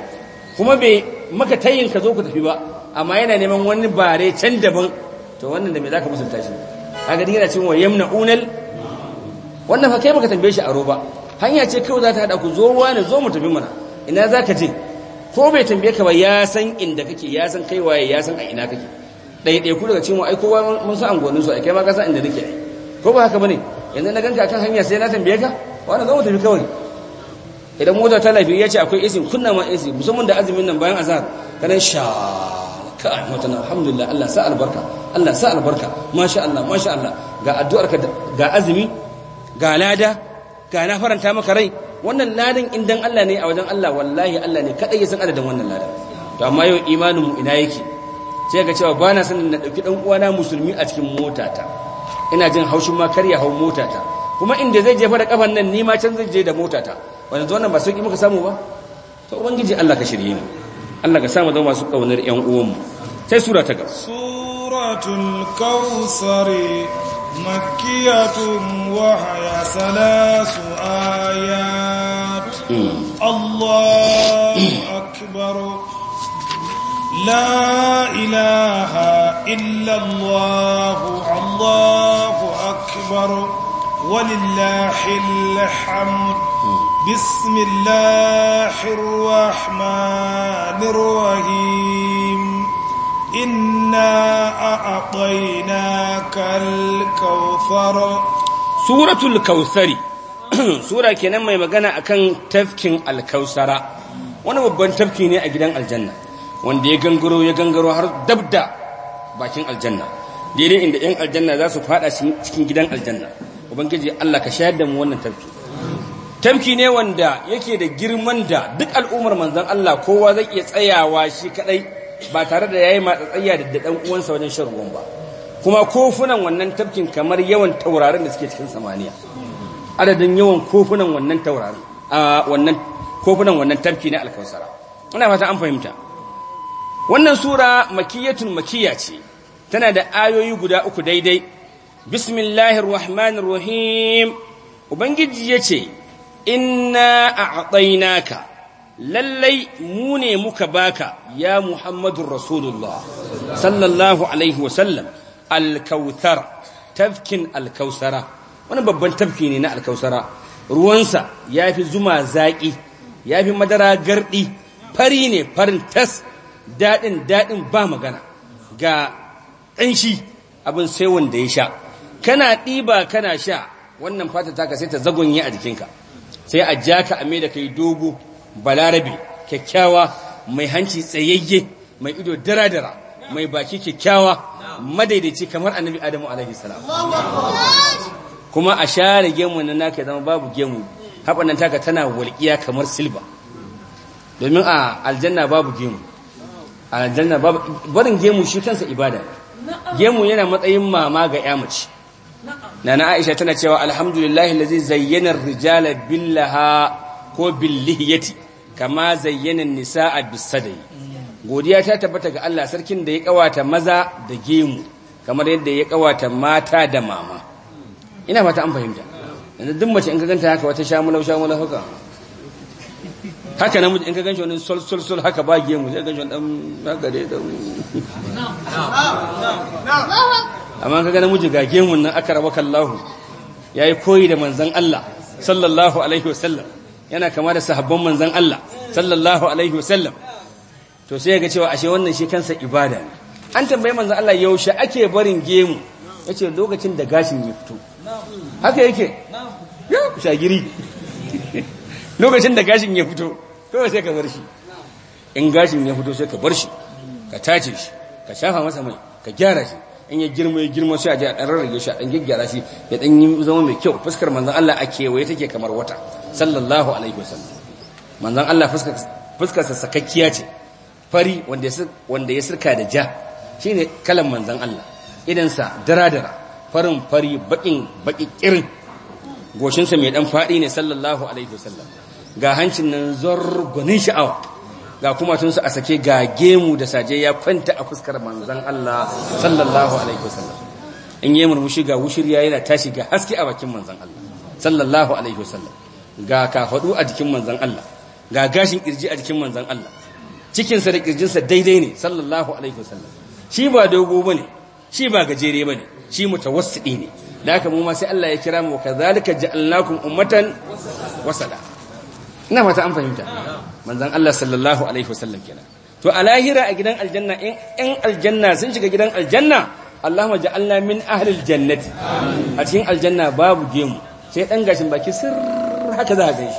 kuma bai maka tayin ka zo ku tafi ba amma yana neman wani bare can daban to wannan da me za ka musulta shi kaga dinga cewa yamna unal wannan fa kai baka tambaye shi a roba hanya ce kawai za ta haɗa ku zo ruwa ne zo mu tafi mana ina za ka je ko bai tambaye ka ba ya san inda kake ya san kai waye ya san a ina kake ɗaiɗai ku daga cikin mu ai mun san angonin su ai kai ma ka san inda nake ai ko ba haka bane yanzu na ganka kan hanya sai na tambaye ka wani zo mu tafi kawai idan mota ta lafi ya ce akwai isi kunna ma isi musamman da azumin nan bayan azhar kana sha kai mota na alhamdulillah Allah sa albarka Allah sa albarka masha Allah masha Allah ga addu'arka ga azumi ga lada ga na faranta maka rai wannan ladan indan Allah ne a wajen Allah wallahi Allah ne kadai ya san adadin wannan ladan to amma yau imanin mu ina yake sai ga cewa ba na sanin na dauki dan uwana musulmi a cikin motata ina jin haushin ma karya hau motata kuma inda zai jefa da kafan nan ni ma can zai je da motata wanda zo nan ba sauki muka samu ba to ubangiji Allah ka shirye mu Allah ka samu zama masu kaunar yan uwan mu sai sura ta gaba suratul kausari مكية وهي ثلاث آيات الله أكبر لا إله إلا الله الله أكبر ولله الحمد بسم الله الرحمن الرحيم inna a'tainakal kautsar suratul kausari sura kenan mai magana akan tafkin alkausara wani babban tafki ne a gidan aljanna wanda ya gangaro ya gangaro har dabda bakin aljanna daidai inda yan aljanna za su fada cikin gidan aljanna ubangiji Allah ka shayar da mu wannan tafki tamki ne wanda yake da girman da duk al'ummar manzan Allah kowa zai iya tsayawa shi kadai ba tare da ya yi matsatsayya da dan uwansa wajen shan ruwan ba kuma kofunan wannan tafkin kamar yawan taurarin da suke cikin samaniya adadin yawan kofunan wannan taurarin a wannan kofunan wannan tafki na alkausara ina fata an fahimta wannan sura makiyatun makiya ce tana da ayoyi guda uku daidai bismillahir rahmanir rahim ubangiji yace inna a'tainaka lallai mu ne muka baka ya Muhammadu Rasulullah sallallahu Alaihi wasallam alkautar tafkin alkausara wani babban tafki ne na alkausara ruwansa ya fi zuma zaƙi ya fi madara garɗi fari ne farin tas daɗin daɗin ba magana ga ɗanshi abin sai wanda ya sha kana ɗiba kana sha wannan fata ka sai ta zagonye a jikinka sai a ja ka a mai da kai dogo balarabe kyakkyawa mai hanci tsayayye mai ido dara-dara mai baki kyakkyawa madaidaici kamar annabi adamu alaihi salam kuma a share gemu na naka zama babu gemu haɓannan taka tana walƙiya kamar silba domin a aljanna babu gemu a aljanna babu barin gemu shi kansa ibada gemu yana matsayin mama ga ya mace nana aisha tana cewa alhamdulillahi lazi zayyana rijala billaha ko billiyati kama zayyana a bisadai godiya ta tabbata ga Allah sarkin da ya kawata maza da gemu kamar yadda ya kawata mata da mama ina fata an fahimta yanzu duk mace in ka ganta haka wata shamulau shamulau haka haka namiji in ka ganshi wani sol sol sol haka ba gemu zai ganshi wani dan haka dai dan amma kaga namiji ga gemun nan aka rabu kallahu yayi koyi da manzon Allah sallallahu alaihi wasallam yana kama da sahabban manzan Allah sallallahu alaihi wasallam to sai ga cewa ashe wannan shi kansa ibada ne an tambaye manzan Allah yaushe ake barin gemu yace lokacin da gashin ya fito haka yake ya shagiri lokacin da gashin ya fito kawai sai ka bar shi in gashin ya fito sai ka bar shi ka tace shi ka shafa masa mai ka gyara shi in ya girma ya girma sai a a ɗan rarrage shi a ɗan gyaggyara shi ya ɗan yi zama mai kyau fuskar manzan Allah a kewaye take kamar wata sallallahu alaihi wasallam manzan Allah fuskar sa sakakkiya ce fari wanda ya sirka da ja shine kalan manzan Allah idan sa dara-dara farin fari bakin baki kirin goshinsa mai ɗan faɗi ne sallallahu alaihi wasallam ga hancin nan zargunin sha'awa ga kuma tunsu a sake ga gemu da saje ya kwanta a fuskar manzan Allah sallallahu alaihi wasallam in yi murmushi ga wushirya yana tashi ga haske a bakin manzan Allah sallallahu alaihi wasallam ga kafadu a jikin manzan Allah ga gashin kirji a jikin manzan Allah cikinsa da ƙirjinsa daidai ne sallallahu alaihi wasallam shi ba dogo bane shi ba gajere bane shi mutawassidi ne da haka mu ma sai Allah ya kira mu kadhalika ja'alnakum ummatan wasala ina fata an fahimta manzon Allah sallallahu alaihi wasallam kenan to a lahira a gidan aljanna in aljanna sun shiga gidan aljanna Allahumma ja'alna min ahli jannati a cikin aljanna babu gemu sai dan gashin baki sir haka za ka gani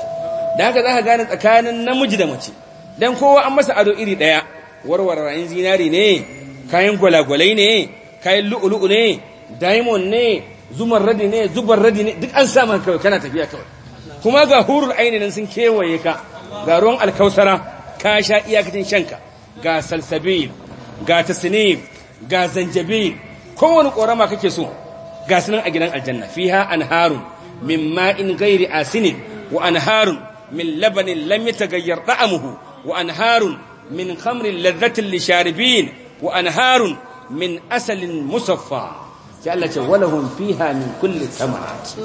dan haka za ka gane tsakanin namiji da mace dan kowa an masa ado iri daya warware ra'ayin zinari ne kayan gwalagwalai ne kayan lu'ulu'u ne diamond ne zumar radi ne zubar radi ne duk an sa maka kawai kana tafiya kawai kuma ga hurul ainihin sun kewaye ka ga ruwan alkausara ka sha iyakacin shanka ga salsabil ga tasnim ga zanjabil kowane korama kake so ga sunan a gidan aljanna fiha anharun min ma'in ghairi asinin wa anharun min labanin lam yataghayyar da'amuhu wa anharun min khamrin ladhatin lisharibin wa anharun min asalin musaffa sai Allah ce walahum fiha min kulli thamarat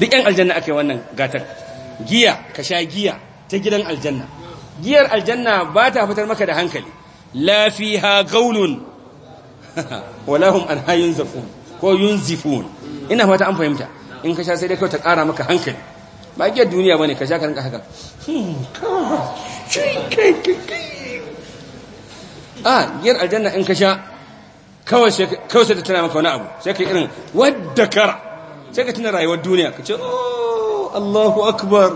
duk yan aljanna akai wannan gatar giya ka sha giya ta gidan aljanna giyar aljanna ba ta fitar maka da hankali lafiha gaulun wala hum an hayun zafun ko yunzifun ina fata an fahimta in ka sha sai dai kawai ta ƙara maka hankali ba giyar duniya ne ka sha ka rinka haka hmm, a giyar aljanna in ka sha kawai sai ta tana maka wani abu sai ka irin wadda kara sai ka tuna rayuwar duniya ka ce oh Allahu akbar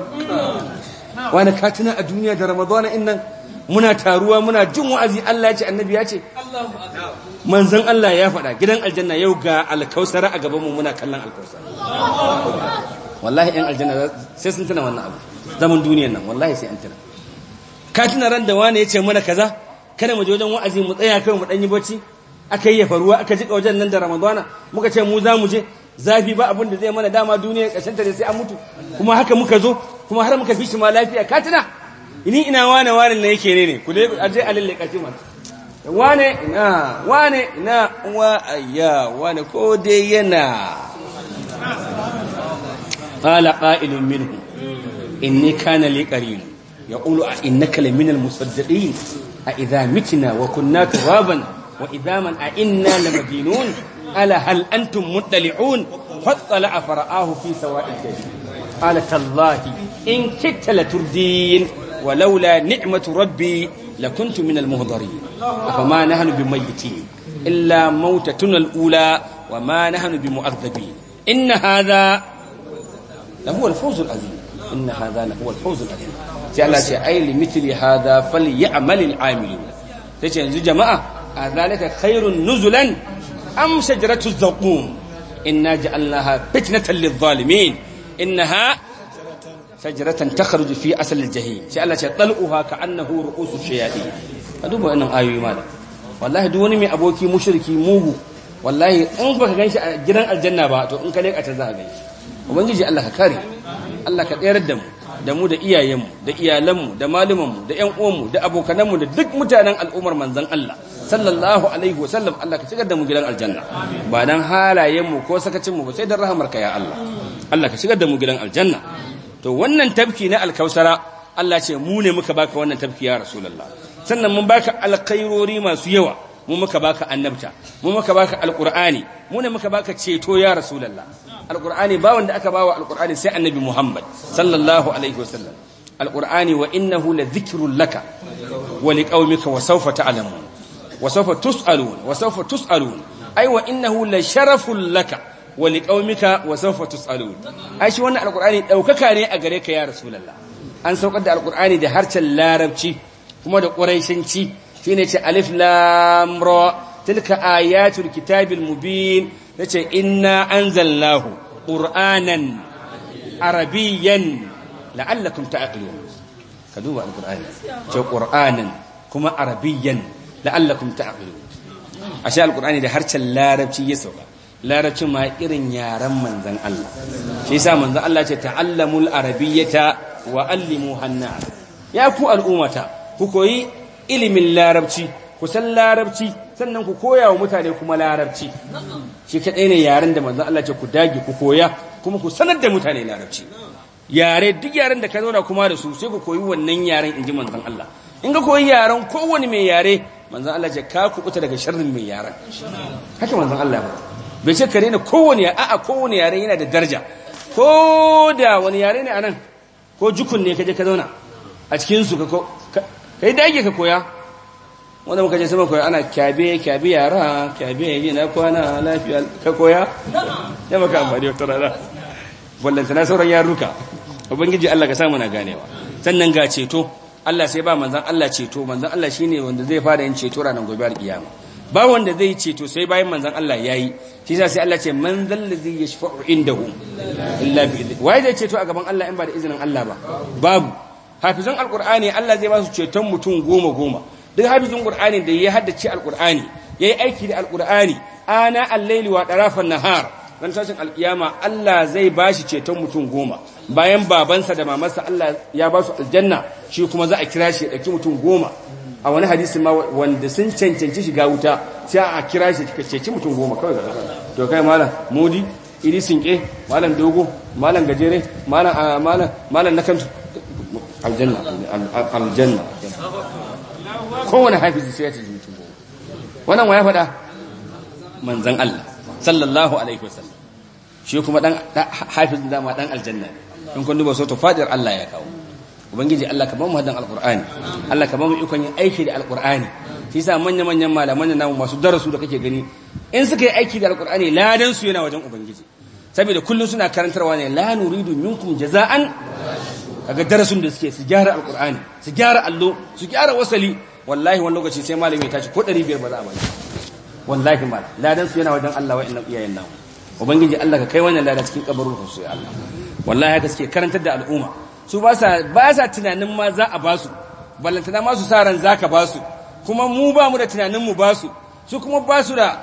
wani katina a duniya da ramadana in muna taruwa muna jin wa'azi Allah ya ce annabi ya ce manzan Allah ya faɗa gidan aljanna yau ga alkausara a gabanmu muna kallon alkausara wallahi yan aljanna sai sun tana wannan abu zaman duniyan nan wallahi sai an tana katina ran da wani ya ce mana kaza kada mu je wajen wa'azi mu tsaya kai mu danyi bacci aka yi faruwa aka ji wajen nan da ramadana muka ce mu za mu je zafi ba abin da zai mana dama duniya ƙarshen ta sai an mutu kuma haka muka zo kuma har muka fi shi ma lafiya ka tuna ni ina wane wane na yake ne ne ku dai aje a lalle kace ma wane na wane na wa ayya wane ko dai yana qala qa'ilun minhu inni kana li qarin yaqulu a innaka minal musaddiqin a idha mitna wa kunna turaban wa idaman a inna lamadinun ala hal antum muttali'un fattala fara'ahu fi sawa'il jahim قال تالله إن كدت لتردين ولولا نعمة ربي لكنت من المهضرين فما نحن بميتين إلا موتتنا الأولى وما نحن بمعذبين إن هذا لهو الفوز العظيم إن هذا لهو الفوز العظيم تعالى أي لمثل هذا فليعمل العاملون تجد جماعة أذلك خير نزلا أم شجرة الزقوم إنا جعلناها فتنة للظالمين innaha shajaratan takhruju fi asl al-jahim sai Allah ce tal'uha ka'annahu ru'usu shayatin ka duba wannan ayoyi ma wallahi duk wani mai aboki mushriki mugu wallahi in baka ganshi a gidan aljanna ba to in ka leka ta za ubangiji Allah ka kare Allah ka da da iyayenmu da iyalanmu da malumanmu da ƴan uwanmu da abokananmu da duk mutanen al'ummar manzon Allah sallallahu alaihi wa Allah ka shigar da mu gidan aljanna ba dan halayenmu ko sakacinmu ba sai dan rahamarka ya Allah Allah ka shigar da mu gidan aljanna to wannan tafki na alkausara Allah ce mu ne muka baka wannan tafki ya rasulullah sannan mun baka alkhairori masu yawa mu muka baka annabta mu muka baka alqur'ani mu ne muka baka ceto ya rasulullah alqur'ani ba wanda aka bawa alqur'ani sai annabi muhammad sallallahu alaihi wasallam alqur'ani wa innahu ladhikrun laka wa liqaumika wa sawfa ta'lamun wa sawfa tus'alun wa sawfa tus'alun ay wa innahu la sharafun laka wa liqaumika wa sawfa tusalun ai shi wannan ne a gare ka ya rasulullah an saukar da alqur'ani da harcen larabci kuma da quraishanci shine ce alif lam ayatul kitabil mubin inna anzalnahu qur'anan arabiyyan la'allakum ta'qilun ka duba ce kuma da harcen larabci ya sauka larabcin ma irin yaren manzan Allah shi sa manzan Allah ce ta'allamul arabiyyata wa allimu hanna ya ku al'ummata ku koyi ilimin larabci ku san larabci sannan ku koya wa mutane kuma larabci shi kadai ne yaren da manzan Allah ce ku dage ku koya kuma ku sanar da mutane larabci yare duk yaren da ka zauna kuma da su sai ku koyi wannan yaren inji manzan Allah in ka koyi yaren kowane mai yare manzan Allah ce ka kubuta daga sharrin mai yaren haka manzan Allah bai ce ka ne kowane yare a'a kowane yare yana da darja ko da wani yare ne a nan ko jukun ne kaje ka zauna a cikin su ka ko yi dage ka koya wanda muka je sama koya ana kyabe kyabe yara kyabe na kwana lafiya ka koya ya maka amfani wata rana wallanta na sauran yaruka ubangiji Allah ka samu na ganewa sannan ga ceto Allah sai ba manzan Allah ceto manzan Allah shine wanda zai fara yin ceto ranar gobe alkiyama ba wanda zai ceto sai bayan manzan Allah ya yi shi yasa sai Allah ce man zallazi yashfa'u hu? illa bi idhni wai zai ceto a gaban Allah in ba da izinin Allah ba babu hafizan alqur'ani Allah zai ba su ceton mutum goma goma duk hafizan qur'ani da ya haddace alqur'ani yayi aiki da alqur'ani ana al-layli wa tarafan nahar ran tashin alkiyama Allah zai ba shi ceton mutum goma bayan babansa da mamarsa Allah ya ba su aljanna shi kuma za a kira shi ya dauki mutum goma a wani hadisi ma wanda sun cancanci shiga wuta sai a kira shi ka ceci mutum goma kawai ga to kai malam modi iri sinke malam dogo malam gajere malam ah, malam malam na kan aljanna aljanna wani hafizi sai ya ceci mutum goma wannan waya faɗa manzan Allah sallallahu alaihi wasallam shi kuma dan hafizin dama dan aljanna in kun duba so to fadir Allah ya kawo ubangiji Allah ka ba mu hadan alqur'ani Allah ka ba mu ikon yin aiki da alqur'ani shi yasa manya manyan malaman nan masu darasu da kake gani in suka yi aiki da alqur'ani ladan su yana wajen ubangiji saboda kullun suna karantarwa ne la nuridu minkum jaza'an kaga darasun da suke su gyara alqur'ani su gyara allo su gyara wasali wallahi wani lokaci sai malami ya tashi ko 500 ba za a ba wallahi mal ladan su yana wajen Allah wa'annan iyayen namu ubangiji Allah ka kai wannan ladan cikin kabarin su ya Allah wallahi haka suke karantar da al'umma su ba sa tunanin ma za a ba su ballantana ma su sa ran za ka ba su kuma mu ba mu da tunanin mu ba su su kuma ba su da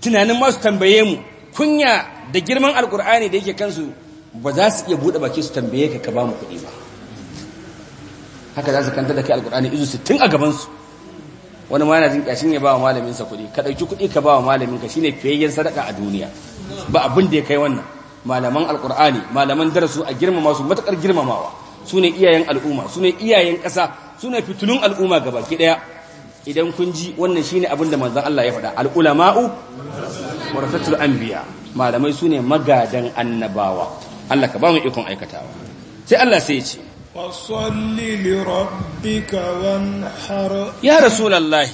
tunanin ma su tambaye mu kunya da girman alkur'ani da yake kansu ba za su iya buɗe baki su tambaye ka ka ba mu kuɗi ba haka za su kanta da kai alkur'ani izu su tun a gabansu wani ma yana jin ya ba wa malaminsa kuɗi ka ɗauki kuɗi ka ba wa malaminka shine fiyayyen sadaka a duniya ba abin da ya kai wannan malaman alkur'ani malaman darasu a girmama su matakar girmamawa su ne iyayen al'umma su ne iyayen ƙasa su ne fitulun al'umma gabaki ɗaya idan kun ji wannan shi abin da manzan Allah ya faɗa al'ulama'u warasatul anbiya malamai su ne magadan annabawa Allah ka ba mu ikon aikatawa sai Allah sai ya ce fasalli li rabbika wanhar ya rasulullahi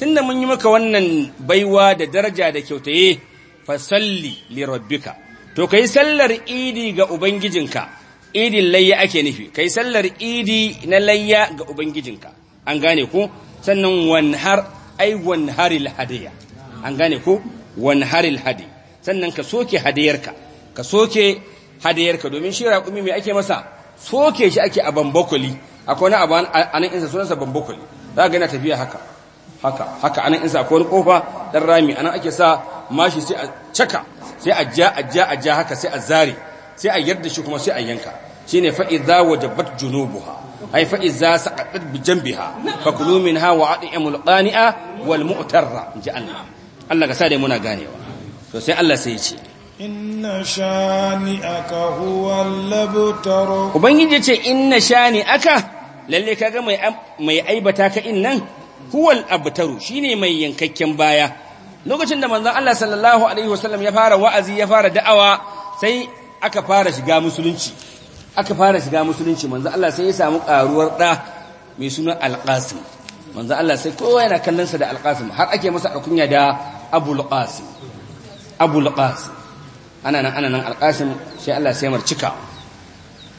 tunda mun yi maka wannan baiwa da daraja da kyautaye fasalli li rabbika to kai sallar idi ga ubangijinka idin layya ake nufi kai sallar idi na layya ga ubangijinka an gane ku sannan wanhar ai wanharil hadiya an gane ku wanharil hadi sannan ka soke hadiyarka ka soke hadiyarka domin shi raƙumi mai ake masa soke shi ake a bambakoli akwai wani abu anan insa sunansa bambakoli za ga yana tafiya haka haka haka anan insa akwai wani kofa dan rami anan ake sa mashi sai a caka sai a ja a ja a ja haka sai a zare sai a yarda shi kuma sai a yanka shine fa idza wajabat junubuha ai fa idza saqatat bi janbiha fakulu minha wa at'imul qani'a wal mu'tarra ja'alna Allah ka sa dai muna ganewa to sai Allah sai ya ce inna shani'aka huwal labtar ubangiji ce inna shani'aka lalle kaga mai mai aibata ka innan huwal abtaru shine mai yankakken baya lokacin da manzon Allah sallallahu alaihi wasallam ya fara wa'azi ya fara da'awa sai aka fara shiga musulunci aka fara shiga musulunci manzon Allah sai ya samu karuwar da mai suna alƙasim manzon Allah sai kowa yana kallon sa da alƙasim har ake masa alkunya da abul qasim abul qasim ana nan ana nan alƙasim sai Allah sai marcika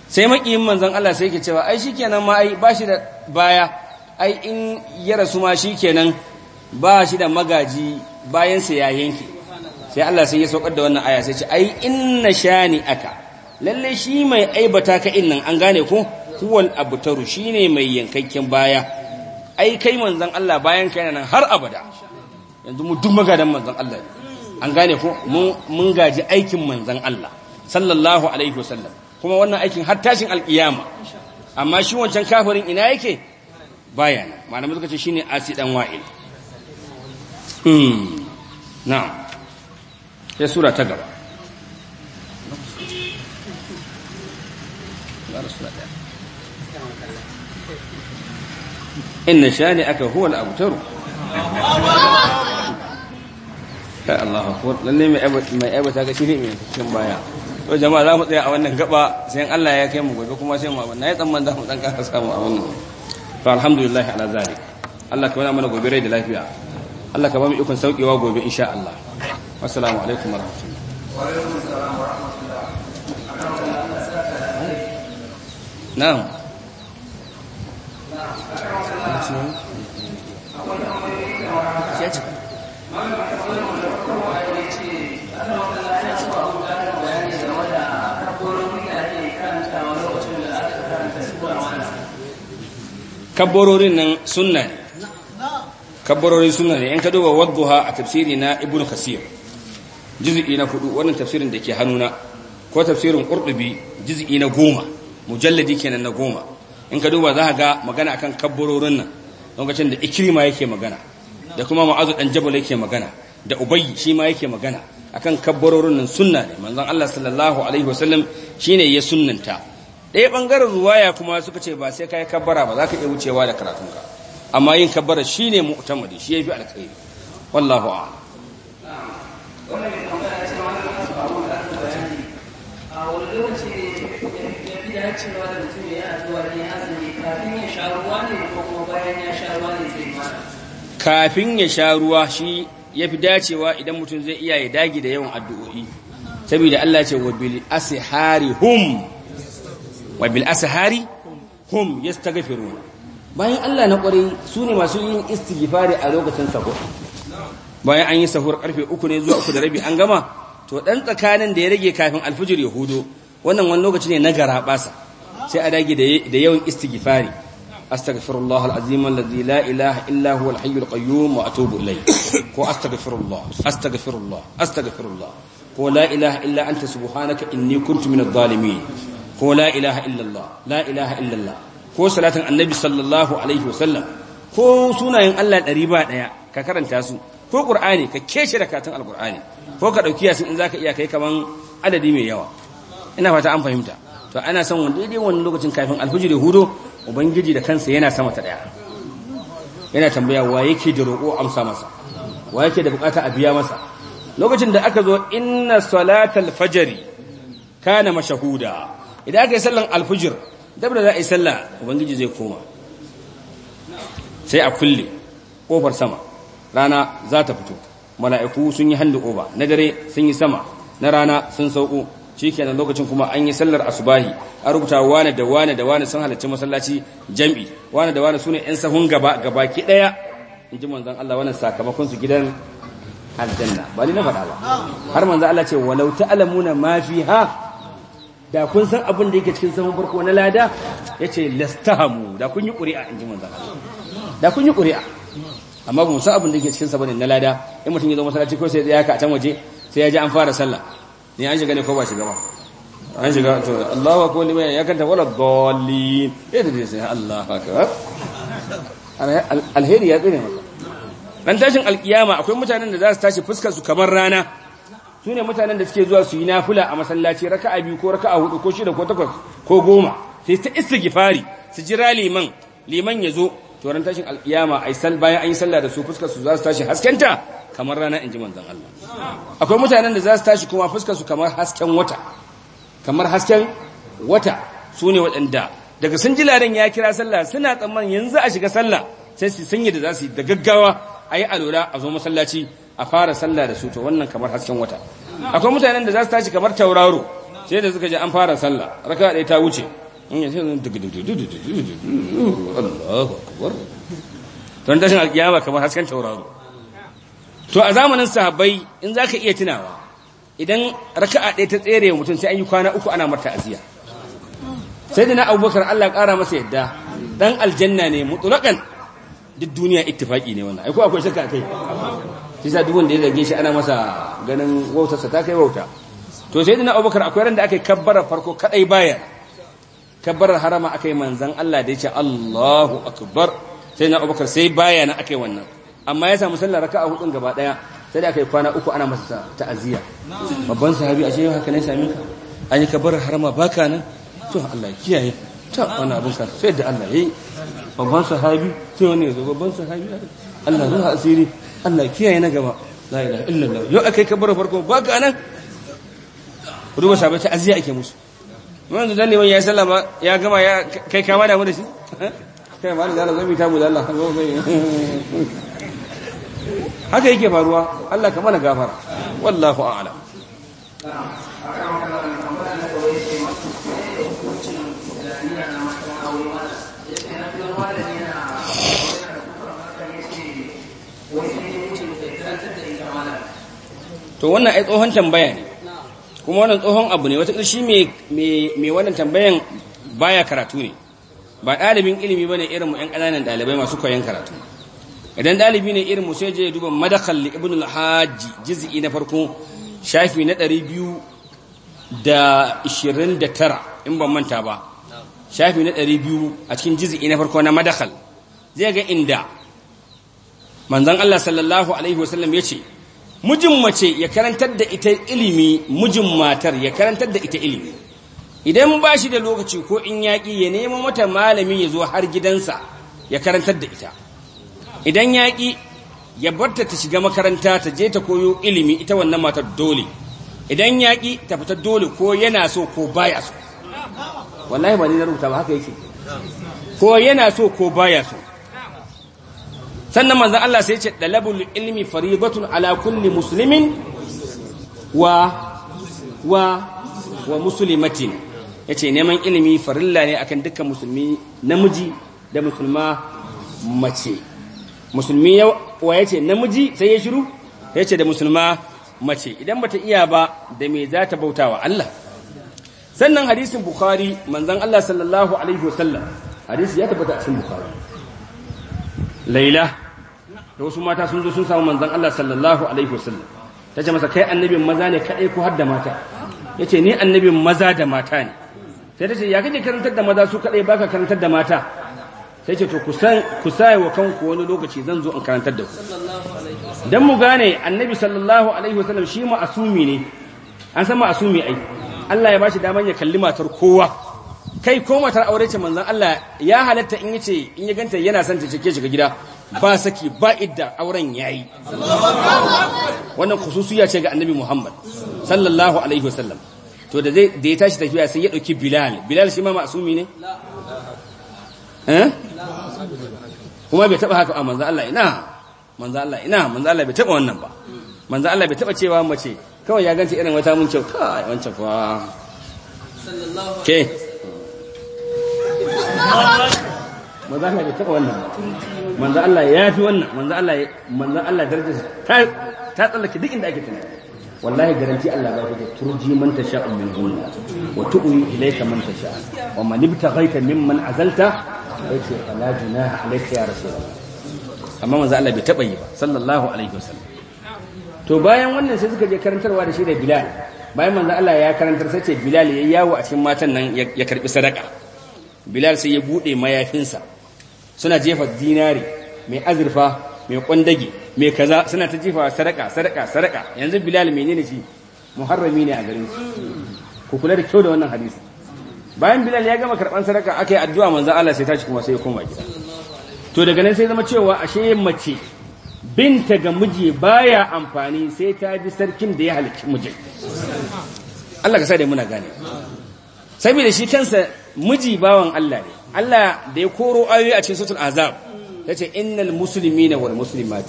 sai makiyin manzon Allah sai yake cewa ai shikenan ma ai bashi da baya ai in ya rasu ma shikenan ba shi da magaji bayansa ya yanke sai Allah sai ya saukar da wannan aya sai ce ai inna shani aka lalle shi mai aibata ka innan an gane ko huwal abtaru shine mai yankakken baya ai kai manzon Allah bayan kai nan har abada yanzu mu duk magadan manzon Allah an gane ko mun gaji aikin manzon Allah sallallahu alaihi wasallam kuma wannan aikin har tashin alkiyama amma shi wancan kafirin ina yake bayan nan malamin suka ce shine asidan wa'il Hmm. na'am sai sura ta gaba inna shani aka huwa al'abtaru kai Allah akwai lalle mai aibata ga shi ne mai cikin baya to jama'a za mu tsaye a wannan gaba sai Allah ya kai mu gobe kuma sai mu abin na yi tsamman za mu dan kara samu a wannan to alhamdulillah ala zalik Allah ka wani mana gobe rai da lafiya Allah ka ba mu ikon saukewa gobe insha Allah assalamu alaikum wa alaikum assalam wa rahmatullahi na'am kabbarorin nan sunna ne kabbarori suna ne in ka duba wadduha a tafsiri na ibn kasir juz'i na hudu wannan tafsirin da ke hannuna ko tafsirin qurtubi juz'i na goma mujalladi kenan na goma in ka duba za ka ga magana akan kabbarorin nan lokacin da ikrima yake magana da kuma ma'azu dan jabal yake magana da ubayy shi ma yake magana akan kabbarorin nan sunna ne manzon Allah sallallahu alaihi wasallam shine ya sunnanta ɗaya bangaren ruwaya kuma suka ce ba sai kai kabbara ba za ka iya wucewa da karatunka amma yin kabbara ne mu'tamadi shi ya yafi alkhairi wallahu a'lam kafin ya sha ruwa shi ya fi dacewa idan mutum zai iya ya dage da yawan addu'o'i saboda Allah ce wa bil ashari hum wa bil ashari hum ya yastaghfiruna bayan Allah na kwarai su ne masu yin istighfari a lokacin sahur bayan an yi sahur karfe uku ne zuwa uku da rabi an gama to dan tsakanin da ya rage kafin alfijir ya hudo wannan wani lokaci ne na gara garaɓasa sai a dage da yawan istighfari astaghfirullah alazim alladhi la ilaha illa huwa alhayyul qayyum wa atubu ilayh ko astaghfirullah astaghfirullah astaghfirullah ko la ilaha illa anta subhanaka inni kuntu minadh dhalimin ko la ilaha illa allah la ilaha illa allah ko salatin annabi sallallahu alaihi wasallam ko sunayen Allah ɗari ba ɗaya ka karanta su ko ƙur'ani ka keshe da katin alƙur'ani ko ka ɗauki yasin in za ka iya kai kaman adadi mai yawa ina fata an fahimta to ana son wani daidai wani lokacin kafin alhujiri hudu ubangiji da kansa yana sama ta ɗaya yana tambaya wa yake da roƙo amsa masa wa yake da buƙata a biya masa lokacin da aka zo inna salatal fajri kana mashahuda idan aka yi sallan alfijir dabda za a yi sallah ubangiji zai koma sai a kulle kofar sama rana za ta fito mala'iku sun yi hannu oba na dare sun yi sama na rana sun sauƙo sauko nan lokacin kuma an yi sallar asubahi an rubuta wane da wane da wane sun halarci masallaci jam'i wane da wane sune yan sahun gaba gaba ɗaya daya ji manzon Allah wannan sakamakon su gidan aljanna ba ni na faɗa ba har manzon Allah ce walau ta'lamuna ma fiha da kun san abin da yake cikin sahun farko na lada ya ce lastahamu da kun yi ƙuri'a in ji manzan Allah da kun yi ƙuri'a amma ba san abin da yake cikin sa na lada in mutum ya zo masallaci ko sai ya ka a can waje sai ya ji an fara sallah ne an shiga ne ko ba shiga ba an shiga to Allahu akbar liman ya kanta wala dallin eh da sai Allahu akbar alheri ya tsine maka dan tashin alkiyama akwai mutanen da za su tashi fuskar su kamar rana su ne mutanen da suke zuwa su yi nafula a masallaci raka a biyu ko raka a hudu ko shida ko takwas ko goma sai ta istighfari su jira liman liman ya zo to tashin alkiyama ai sal bayan an yi sallah da su fuskar su za su tashi haskenta kamar rana inji manzon Allah akwai mutanen da za su tashi kuma fuskar su kamar hasken wata kamar hasken wata su ne waɗanda daga sun ji ladan ya kira sallah suna tsammanin yanzu a shiga sallah sai su sanya da za su yi da gaggawa a yi alola a zo masallaci a fara sallah da su to wannan kamar hasken wata akwai mutanen da za su tashi kamar tauraro sai da suka ji an fara sallah raka ɗaya ta wuce an tashin alkiyama kamar hasken tauraro to a zamanin sahabbai in za ka iya tunawa idan raka ɗaya ta tsere mutum sai an yi kwana uku ana marta aziya sai da na abubakar allah ƙara masa yadda dan aljanna ne mutulakan duk duniya ittifaki ne wannan ko akwai shakka kai shi sa duk wanda ya zage shi ana masa ganin wautarsa ta kai wauta to sai dina abubakar akwai ran da aka yi kabbara farko kadai baya kabbarar harama aka yi manzan Allah da ya ce Allahu akbar sai na abubakar sai bayan aka yi wannan amma ya samu sallar raka'a hudun gaba daya sai da aka yi kwana uku ana masa ta'aziyya babban sahabi a ashe haka ne sami ka an yi kabbarar harama baka nan to Allah kiyaye ta wani abin ka sai da Allah yi babban sahabi sai wani ya zo babban sahabi Allah ruha asiri Allah kiyaye na gaba la ilaha illallah yau akai kabar farko ba ka nan sabai ta aziya ake musu ya sallama ya gama ya kai kama da mu da shi eh? kai ma da mita mu da Allah haka yake faruwa Allah ka mana gafara wallahu a'lam to wannan ai tsohon tambaya ne kuma wannan tsohon abu ne wataƙila shi mai wannan tambayan baya karatu ne ba ɗalibin ilimi ba ne irin mu 'yan ƙananan ɗalibai masu koyon karatu idan ɗalibi ne irin mu sai je duba madakal li ibn al-hajji juz'i na farko shafi na 229 in ban manta ba shafi na 200 a cikin juz'i na farko na madakal zai ga inda manzon Allah sallallahu alaihi wasallam yace mijin mace ya karantar da ita ilimi mijin matar ya karantar da ita ilimi idan ba shi da lokaci ko in yaƙi ya nemo mata malami ya zo har gidansa ya karantar da ita idan yaƙi ya barta ta shiga makaranta ta je ta koyo ilimi ita wannan matar dole idan yaƙi ta fita dole ko yana so ko baya so wallahi ba ni na rubuta ba haka yake ko yana so ko baya so sannan manzan Allah sai ce ɗalabul ilmi faridatun ala kulli musulmin wa wa wa ya ce neman ilimi farilla ne akan dukkan musulmi namiji da musulma mace musulmi wa ce namiji sai ya shiru yace da musulma mace idan ba ta iya ba da me za ta bauta wa Allah sannan hadisin bukhari manzan Allah sallallahu alaihi wasallam hadisi ya tabbata a cikin bukhari laila da wasu mata sun zo sun samu manzon Allah sallallahu alaihi wasallam ta ce masa kai annabin maza ne kaɗai ko har da mata ya ce ni annabin maza da mata ne sai ta ce ya kake karantar da maza su kaɗai baka karantar da mata sai ce to ku sai wa kanku wani lokaci zan zo in karantar da ku dan mu gane annabi sallallahu alaihi wasallam shi ma'asumi ne an san ma'asumi ai Allah ya bashi daman ya kalli matar kowa kai ko matar aure ce manzon Allah ya halatta in yace in ya ganta yana son ta cike shiga gida ba saki ba idda auren yayi wannan khususiya ce ga annabi Muhammad sallallahu alaihi wasallam to da zai da ya tashi tafiya sai ya dauki Bilal Bilal shi ma ma'sumi ne eh kuma bai taba haka a manzo Allah ina manzo Allah ina manzo Allah bai taba wannan ba manzo Allah bai taba cewa mace kawai ya ganta irin wata mun kyau kai wancan fa sallallahu alaihi wasallam ke manzo Allah bai taba wannan ba manzo Allah ya fi wannan manzo Allah manzo Allah darajar ta ta tsallake duk inda ake tunani wallahi garanti Allah za ka turji man tasha min gunna wa tu'i ilayka man tasha wa man ibtaghaita mimman azalta yace ala junaha alayka ya rasulullah amma manzo Allah bai taba yi ba sallallahu alaihi wasallam to bayan wannan sai suka je karantarwa da shi da Bilal bayan manzo Allah ya karantar sai ce Bilal ya yawo a cikin matan nan ya karbi sadaka Bilal sai ya bude mayafinsa suna jefa dinari mai azurfa mai kwandage mai kaza suna ta jefa sadaka sadaka sadaka yanzu bilal menene shi muharrami ne a garin ku kula da kyau da wannan hadisi bayan bilal ya gama karban sadaka aka yi addu'a manzo Allah sai ta ci kuma sai ya koma gida to daga nan sai zama cewa ashe mace binta ga miji baya amfani sai ta bi sarkin da ya halicci miji Allah ka sa da muna gane saboda shi kansa miji bawan Allah ne Allah da ya koro ayoyi a cikin suratul azab yace innal muslimina wal muslimat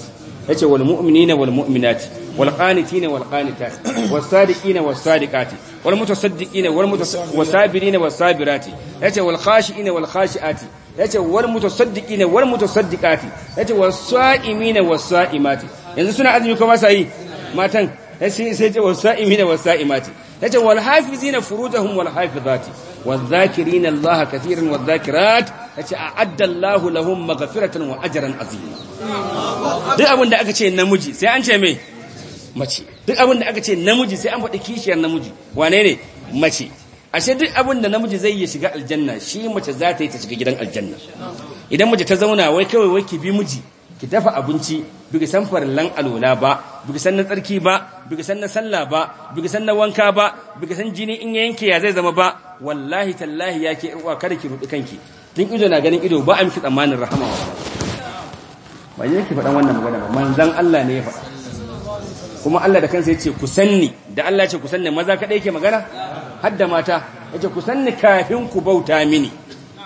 yace wal mu'minina wal mu'minat wal qanitina wal qanitat was sadiqina was sadiqati wal mutasaddiqina wal mutasabirina was sabirati yace wal khashiina wal khashiati yace wal mutasaddiqina wal mutasaddiqati yace was-sa'imina was-sa'imati yanzu suna azumi ko ba sa yi matan sai sai ce was-sa'imina was-sa'imati yace wal hafizina furujahum wal hafizati والذاكرين الله كثيرا والذاكرات tace a Allah lahum maghfiratan wa ajran duk abin da aka ce namiji sai an ce mai mace duk abin da aka ce namiji sai an faɗi kishiyar namiji wane ne mace ashe duk abin da namiji zai yi shiga aljanna shi mace za ta yi ta shiga gidan aljanna idan mace ta zauna wai kawai wai ki bi miji ki dafa abinci biki san farlan alola ba biki san na tsarki ba biki san na sallah ba biki san na wanka ba biki san jini in yanke ya zai zama ba wallahi tallahi ya ke ruwa kada ki rubi kanki din ido na ganin ido ba a miki tsammanin rahama ba ba ne yake faɗan wannan magana ba manzon Allah ne ya faɗa kuma Allah da kansa yace ku sanni da Allah yace ku sanni maza kada yake magana hadda mata yace ku sanni kafin ku bauta mini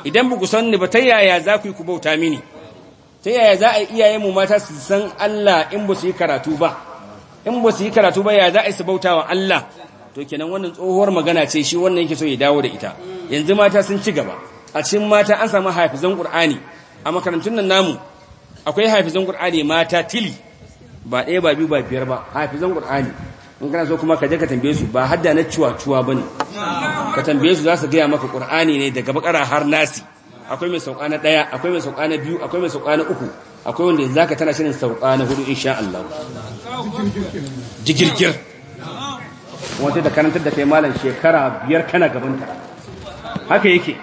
idan ba ku sanni ba ta yaya za ku yi ku bauta mini ta yaya za a iyaye mu mata su san Allah in ba su yi karatu ba in ba su yi karatu ba ya za a su bauta wa Allah to kenan wannan tsohuwar magana ce shi wannan yake so ya dawo da ita yanzu mata sun ci gaba a cikin mata an samu hafizan qur'ani a makarantun nan namu akwai hafizan qur'ani mata tili ba ɗaya ba biyu ba biyar ba hafizan qur'ani in kana so kuma ka je ka tambaye su ba hadda na ciwa-ciwa bane ka tambaye su za su gaya maka qur'ani ne daga bakara har nasi akwai mai sauka na ɗaya akwai mai sauka na biyu akwai mai sauka na uku akwai wanda yanzu zaka tana shirin sauka na hudu insha Allah jigirgir wani da karantar da kai malam shekara biyar kana gabanta haka yake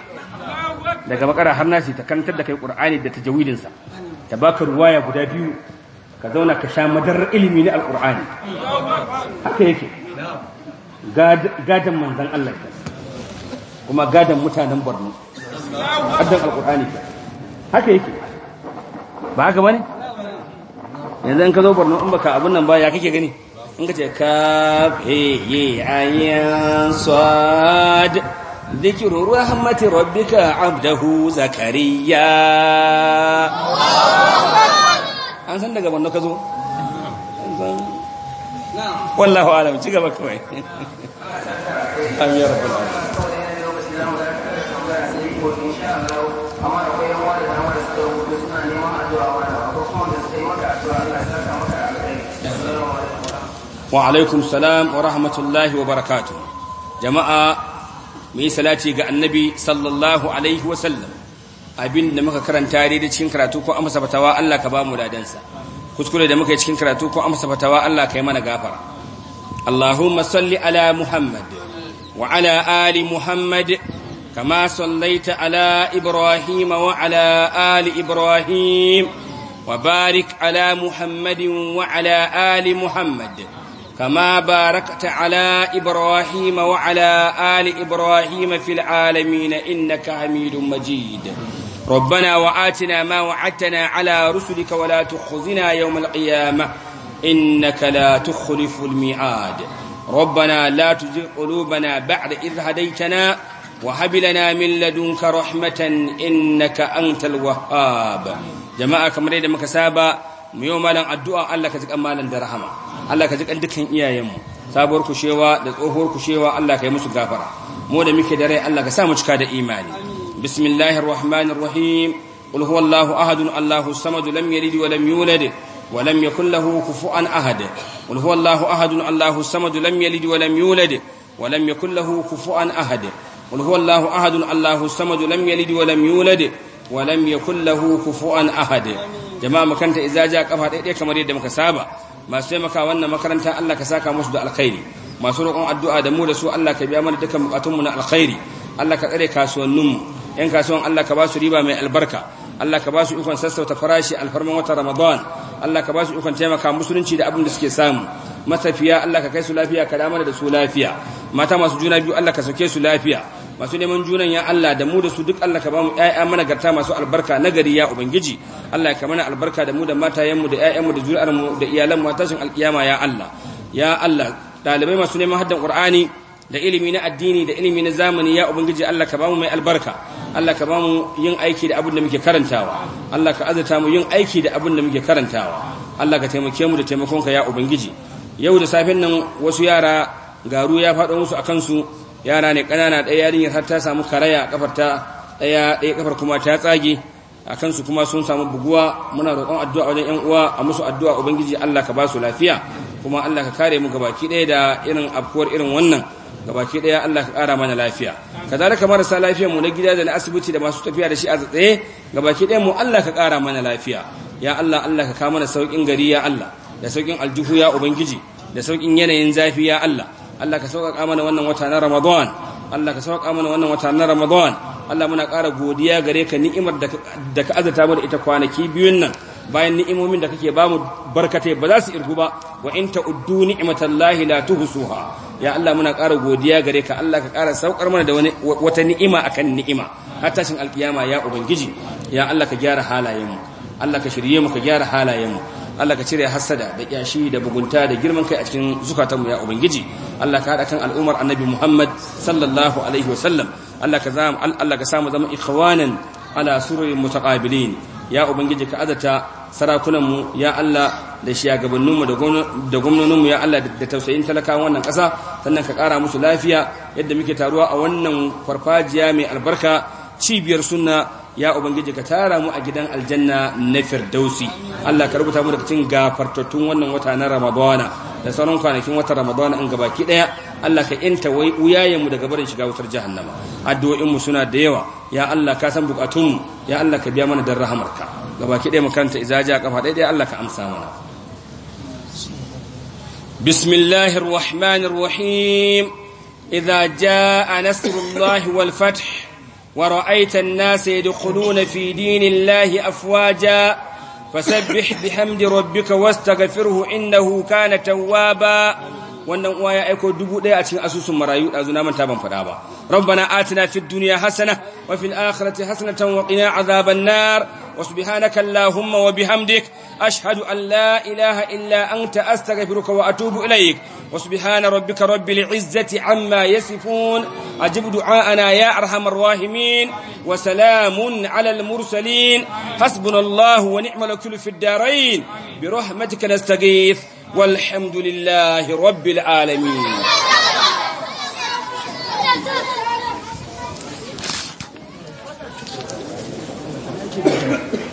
daga bakara har nasi ta karantar da kai qur'ani da tajawidinsa ta baka ruwaya guda biyu ka zauna ka sha madar ilimi na alqur'ani haka yake gadan manzon Allah kuma gadan mutanen Borno addan alqur'ani haka yake ba ga bane yanzu ka zo Borno in baka abun nan ba ya kake gani in ka ce kaf he ye ayan sad ذكر رحمة ربك عبده زكريا an san daga wannan ka zo wallahu alam ci gaba kawai amin ya rabbal alamin wa alaikum salam wa rahmatullahi wa barakatu jama'a mu yi salati ga annabi sallallahu alaihi wa sallam abin da muka karanta daidai cikin karatu ko amsa fatawa Allah ka ba mu ladansa kuskure da muka yi cikin karatu ko amsa fatawa Allah ka yi mana gafara Allahumma salli ala Muhammad wa ala ali Muhammad kama sallaita ala Ibrahim wa ala ali Ibrahim wa barik ala Muhammadin wa ala ali Muhammad كما باركت على إبراهيم وعلى آل إبراهيم في العالمين إنك حميد مجيد ربنا وآتنا ما وعدتنا على رسلك ولا تخزنا يوم القيامة إنك لا تخلف الميعاد ربنا لا تزغ قلوبنا بعد إذ هديتنا وهب لنا من لدنك رحمة إنك أنت الوهاب جماعة كما ريد مكسابة يوم لن أدعى الله كتك أمالا درهما Allah ka ji dukkan iyayenmu sabuwar kushewa da tsohuwar kushewa Allah ka yi musu gafara mu da muke da rai Allah ka sa mu cika da imani bismillahir rahmanir rahim qul huwallahu ahadun allahu samad lam yalid wa lam yulad wa lam yakul lahu kufuwan ahad qul huwallahu allahu samad lam yalid wa lam yulad wa lam yakul lahu kufuwan ahad masu taimaka wannan makaranta Allah ka saka musu da alkhairi masu roƙon addu'a da mu da su Allah ka biya mana dukkan bukatunmu na alkhairi Allah ka tsare kasuwanninmu yan kasuwan Allah ka ba su riba mai albarka Allah ka ba su ikon sassauta farashi alfarman watan Ramadan Allah ka ba su ikon taimaka musulunci da abin da suke samu matafiya Allah ka kai su lafiya ka damar da su lafiya mata masu juna biyu Allah ka sauke su lafiya masu neman junan ya Allah da mu da su duk Allah ka ba mu ƴaƴa mana garta masu albarka nagari ya ubangiji Allah ka mana albarka da mu da mu da mu da zuri'ar mu da iyalan mu tashin alkiyama ya Allah ya Allah dalibai masu neman haddan Qur'ani da ilimi na addini da ilimi na zamani ya ubangiji Allah ka ba mu mai albarka Allah ka ba mu yin aiki da abin da muke karantawa Allah ka azata mu yin aiki da abin da muke karantawa Allah ka taimake mu da taimakonka ya ubangiji yau da safen nan wasu yara garu ya faɗo musu a kansu yara ne ƙanana ɗaya yarinyar har ta samu karaya kafar ta ɗaya ɗaya kafar kuma ta tsage a kansu kuma sun samu buguwa muna roƙon addu'a wajen ƴan uwa a musu addu'a ubangiji Allah ka ba su lafiya kuma Allah ka kare mu gabaki ɗaya da irin afkuwar irin wannan gabaki ɗaya Allah ka ƙara mana lafiya kazalika marasa lafiyar mu na gida da na asibiti da masu tafiya da shi a tsaye gabaki ɗaya mu Allah ka ƙara mana lafiya ya Allah Allah ka kawo mana saukin gari ya Allah da saukin aljihu ya ubangiji da saukin yanayin zafi ya Allah Allah ka sauƙaƙa mana wannan wata na Ramadan Allah ka sauƙaƙa mana wannan wata na Ramadan Allah muna ƙara godiya gare ka ni'imar da ka azata mana ita kwanaki biyun nan bayan ni'imomin da kake bamu barkatai ba za su irgu ba wa in uddu ni'matallahi la tuhsuha ya Allah muna ƙara godiya gare ka Allah ka ƙara saukar mana da wani wata ni'ima akan ni'ima har tashin alkiyama ya ubangiji ya Allah ka gyara halayenmu Allah ka shirye mu ka gyara mu. Allah ka cire hasada da kyashi da bugunta da girman kai a cikin zukatanmu ya ubangiji Allah ka hada kan al'ummar annabi Muhammad sallallahu alaihi wasallam Allah ka zama Allah ka samu zama ikhwanan ala sururi mutaqabilin ya ubangiji ka azata sarakunan mu ya Allah da shiyagabannin mu da gwamnonin mu ya Allah da tausayin talakawan wannan ƙasa sannan ka ƙara musu lafiya yadda muke taruwa a wannan farfajiya mai albarka cibiyar sunna ya ubangiji ka tara mu a gidan aljanna na firdausi Allah ka rubuta mu daga cikin gafartattun wannan wata na ramadana da sauran kwanakin watan ramadana in gabaki daya Allah ka inta wai uyayen mu daga barin shiga wutar jahannama addu'o'in mu suna da yawa ya Allah ka san bukatun ya Allah ka biya mana dan rahamarka gabaki daya mu izaja kafa daya Allah ka amsa mana bismillahir rahmanir rahim idza jaa nasrullahi wal fath ورأيت الناس يدخلون في دين الله أفواجا فسبح بحمد ربك واستغفره إنه كان توابا wannan uwa ya aiko dubu ɗaya a cikin asusun marayu ɗazu na manta ban faɗa ba rabbana atina fid dunya hasana wa fil akhirati hasanatan wa qina azaban nar wa subhanaka allahumma wa bihamdik ashhadu an la ilaha illa anta astaghfiruka wa atubu ilaik wa subhana rabbika rabbil izzati amma yasifun ajib du'aana ya arhamar rahimin wa salamun ala al mursalin hasbunallahu wa ni'mal wakeel fid darain bi rahmatika nastaghith والحمد لله رب العالمين Thank you.